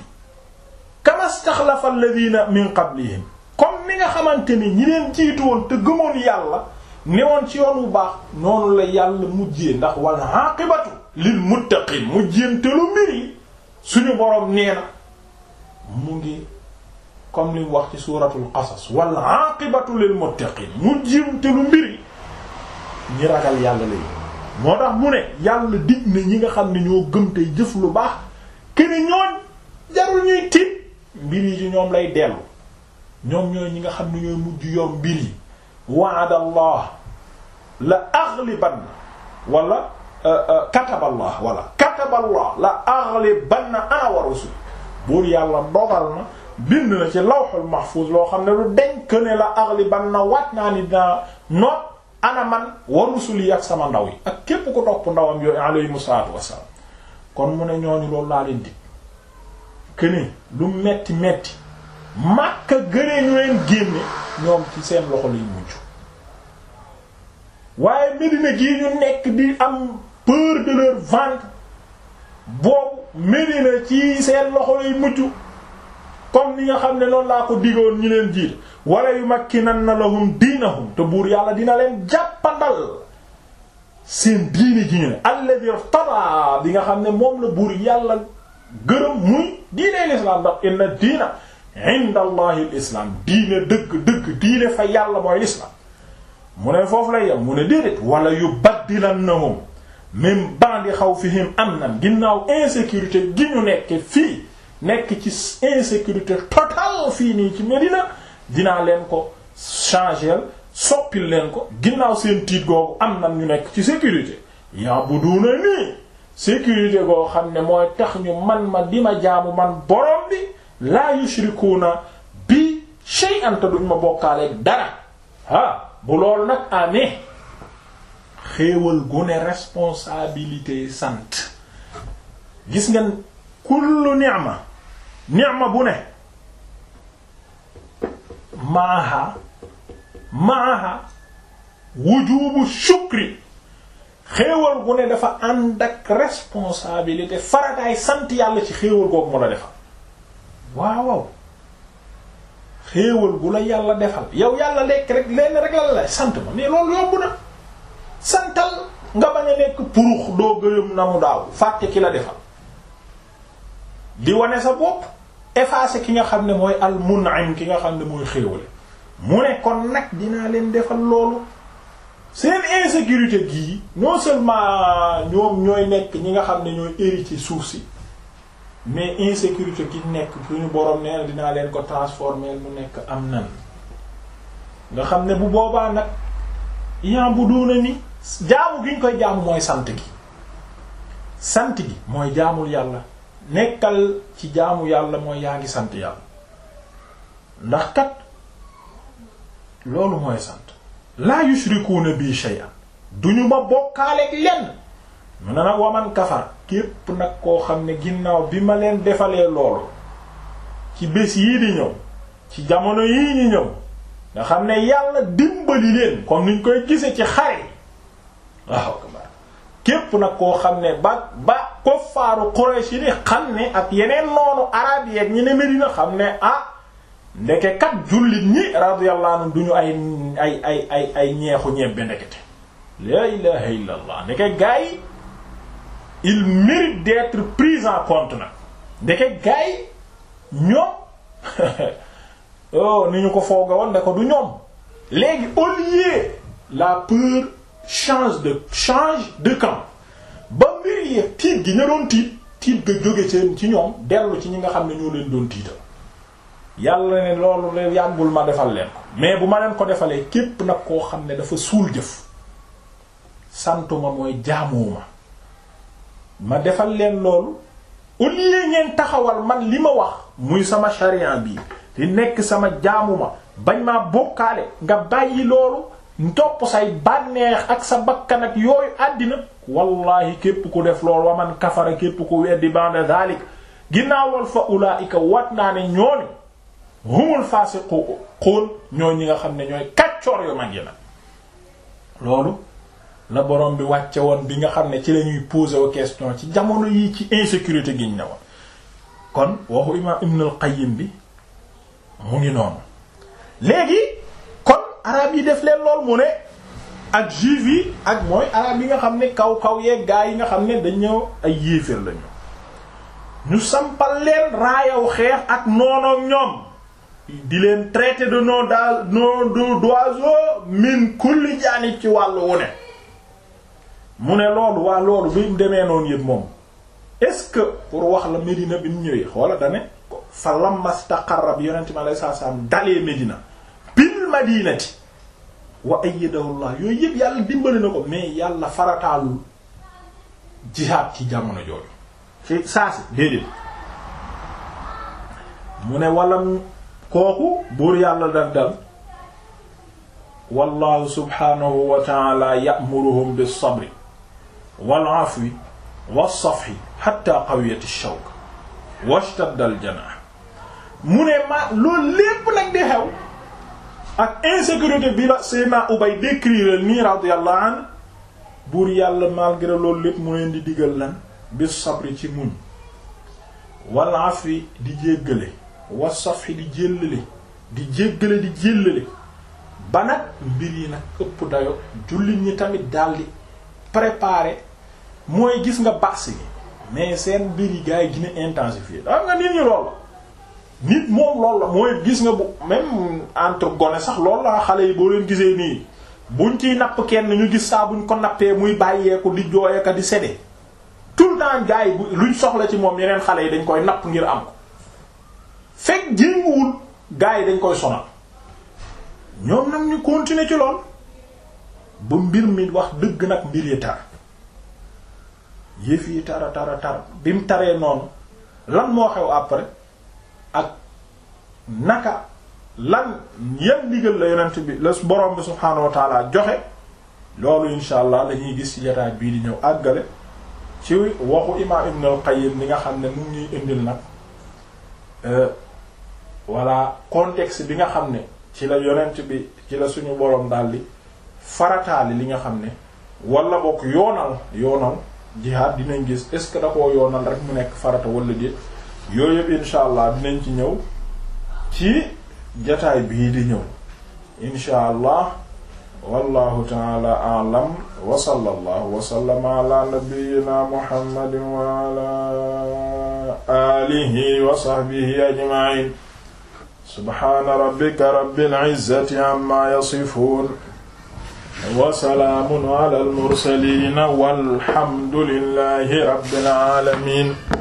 Speaker 1: kama staxlafa alladhina min qablihim comme ni nga xamante ni ñi leen jiitu woon te gëmoon yàlla newoon ci yoon bu baax noonu la yàlla mujjee ndax wal aqibatu lil muttaqin mu jéemtalu mbir yi suñu boroom nee na mu ngi comme li wax ci suuratul qasas wal aqibatu lil muttaqin mu jéemtalu mbir yi ñi ragal yàlla lay moo tax mu ne yàlla dig na ñi nga xam ne ñoo gëm tey jëf lu baax kene jarul ñuy tiit mbir yi ci ñoom lay dellu ñoom ñooy ñi nga xam ne ñooy mujj yor mbir yi wa'ada allah la aghliban wala Euh, euh, kataballah wala kataballah la aghlibanna ana wa rusul buur yàlla dogal na bind na ci lawhul mahfuz loo xam ne lu denk ne la aghlibanna waat naa ni dinaa noot ana man wa rusuli ak sama ndaw yi ak képp ku topp ndawam yooyu alayhi salaatu wassalaam kon mu ne ñooñu loolu laa leen di këne lu metti metti màkka gënee ñu leen génne ñoom ci seen loxo lay mujj waaye Medina gii ñu nekk di am peur de leur ventre boobu Médina ci seen loxo lay mujj comme li nga xam ne noonu laa ko digoon ñu leen jiit wala yumakkinanna lahum diinahum te buur yàlla dina leen jàppandal seen diine ji ñu ne alladhi bi nga xam ne moom la buur yàlla gërëm muy diine l'islam ndax inna diina inda allahi l'islam dëgg dëgg diine fa yàlla mooy l'islam mu ne foofu lay yam mu ne déedéet na yubaddilannahum ngi xaw fii bandi xawfihim amnan ginnaaw insécurité gi ñu nekkee fii nekk ci insécurité totale fii nii ci Medina dinaa leen ko changer soppil leen ko ginnaaw seen tiit googu am na ñu nekk ci sécurité yaa bu duuna nii sécurité goo xam ne mooy tax ñu man ma di ma jaamu man borom bi laa yushrikuuna bi shay'an te duñ ma bokkaaleeg dara ah bu loolu nag amee xéewal gu ne responsabilité sant gis ngeen kullu ni'ma ni'ma bu ne maaha maaha wujubu shukri xéewal gu ne dafa ànd ak responsabilité farataay sant yàlla ci xéewal googu mu la defal waaw waaw xéewal gu la yàlla defal yow yàlla lekk rek lenn rek la la sant ma mais loolu yomb na santal nga bañ a nekk purux doo gërëm na mu daaw fàtte ki la defal di wane sa bopp effacer ki nga xam ne mooy al mun'im ki nga xam ne mooy xéewale mu ne kon nag dinaa leen defal loolu seen insécurité gii non seulement ñoom ñooy nekk ñi nga xam ne ñooy héritier suuf si mais insécurité gi nekk suñu borom nee na dinaa leen ko transformer mu nekk am nan nga xam ne bu boobaa nag yaa bu doona ni jaamu gi ñu koy jaamu mooy sant gi sant gi mooy jaamul yàlla nekkal ci jaamu yàlla mooy yaa ngi sant yàlla ndax kat loolu mooy sant laa yushrikuuna bi shay'an duñu ma bokkaaleeg lenn mu ne nag waman kafar képp nag koo xam ne ginnaaw bi ma leen defalee loolu ci bés yii di ñëw ci jamono yii ñu ñëw nga xam ne yàlla dimbali leen comme niñ koy gise ci xare waaw képp nag koo xam ne ba ba kuffaaru Quraysh ni xam ne ak yeneen noonu araab yi ak ne Medina xam ne ah ndeke kat jullit ñi radiyallahu anhu duñu ay ay ay ay ay ñeexu ñebbe ndekete la ilaha illa ndeke gars il mérite d'être pris en compte nag ndeke gars ñoom oh ni ñu ko fooga woon ne ko du ñoom léegi au la peur change de change de camp ba mbir tiit gi ña doon tiit tiit ga jóge seen ci ñoom dellu ci ñi nga xam ne ñoo leen doon tiital yàlla ne loolu leen yàggul ma defal leen ko mais bu ma leen ko defalee képp nag koo xam ne dafa suul jëf santuma mooy jaamuwuma ma defal leen loolu au lieu ngeen taxawal man li ma wax muy sama charian bii di nekk sama jaamuma bañ maa bokkaale nga bàyyi loolu topp say bànneex ak sa bakkan ak yooyu àddina wallahi képp ku def lool wa man kafara képp ku weddi ba'da zalik ginnaaw lool fa ulaika wat naa ne ñoon humul fasiqun ñoo ñi nga xam ne ñooy kàccoor yu mag yi na loolu la borom bi wàcce woon bi nga xam ne ci lañuy poser aux question ci jamono yi ci insécurité giñ ne woon kon waxu imaam Ibn al bi mu ngi noonu léegi arab yi def leen lool mu ne ak juif yi ak mooy arab yi nga xam ne kaw kaw yeeg gaa yi nga xam ne dañ ñëw ay yéeféer lañu ñu sampal leen raayaw xeex ak noonook ñoom di leen traité de nom da nom d'oiseau min kulli jaanib ci wàllu wu ne mu ne loolu waa loolu bi demee noonu yëpp moom est-ce que pour wax la Médina bi mu ñëwee xoola dane fa lamastaqarra bi yonente mi aleye saat salaam dalee Médina bil madinati wa ayyadahu llah yooyu yëpp yàlla dimbali na ko mais yàlla farataalul jihaad ci jamono jooju saa si déedéet mu ne walla kooku buur yàlla daf dal wallahu subhanahu wa taala ya'muruhum sabri wal afwi was safhi hatta qawiyat shawk washtadda al mu ne ma loolu lépp nag di xew ak insécurité bi la a Ubay décrire nii yàlla an buur yàlla malgré loolu lépp mu leen di digal lan bis sabri ci muñ wal afi di jéggale wa safhi di jéllale di jéggale di jéllale ba nag mbir yi nag ëpp dayo jullit ñi tamit daldi préparer mooy gis nga baax mais seen mbir yi gars yi gën a intensifier nit ñi loolu nit moom loolu la mooy gis nga bu même entre gone sax loolu la xale yi boo leen gisee nii buñ ci napp kenn ñu gis saabuñ buñ ko nappee muy bàyyeeku di jooyaka di sede tout le temps gars yi luñ soxla ci moom yeneen xale yi dañ koy napp ngir am ko fekk jénguwul gars yi dañ koy sonal ñoom nag ñu continuer ci lool ba mbir mi wax dëgg nag mbir yi tar yëf yi tara tara tar bi mu taree noonu lan moo xew après naka lan yan ndigal la yonent bi la borom bi subhaanahu wa joxe loolu insha allah la gis ci jotaay bii di ñëw àggale ci waxu imaam Ibn al-Qayyim li nga xam ne mu ñuy indil nag euh, voilà contexte bi nga xam ne ci la yonent bi ci la suñu borom daldi farataali li li nga xam ne wala bokk yoonal yoonal jihaad dinañ gis est ce que da koo yoonal rek mu nekk farata wala déet yooyu yëpp insha allah dinañ ci ñëw. ci jataay bii di ñëw insha allah wallahu taala aalam wa sallallahu wa sallama ala nabiyyina muhammadin wa ala alihi wa sahbihi ajma'in subhana rabbika rabbil izzati amma yasifun wa salaamun ala al mursalin walhamdulillahi rabbil alamin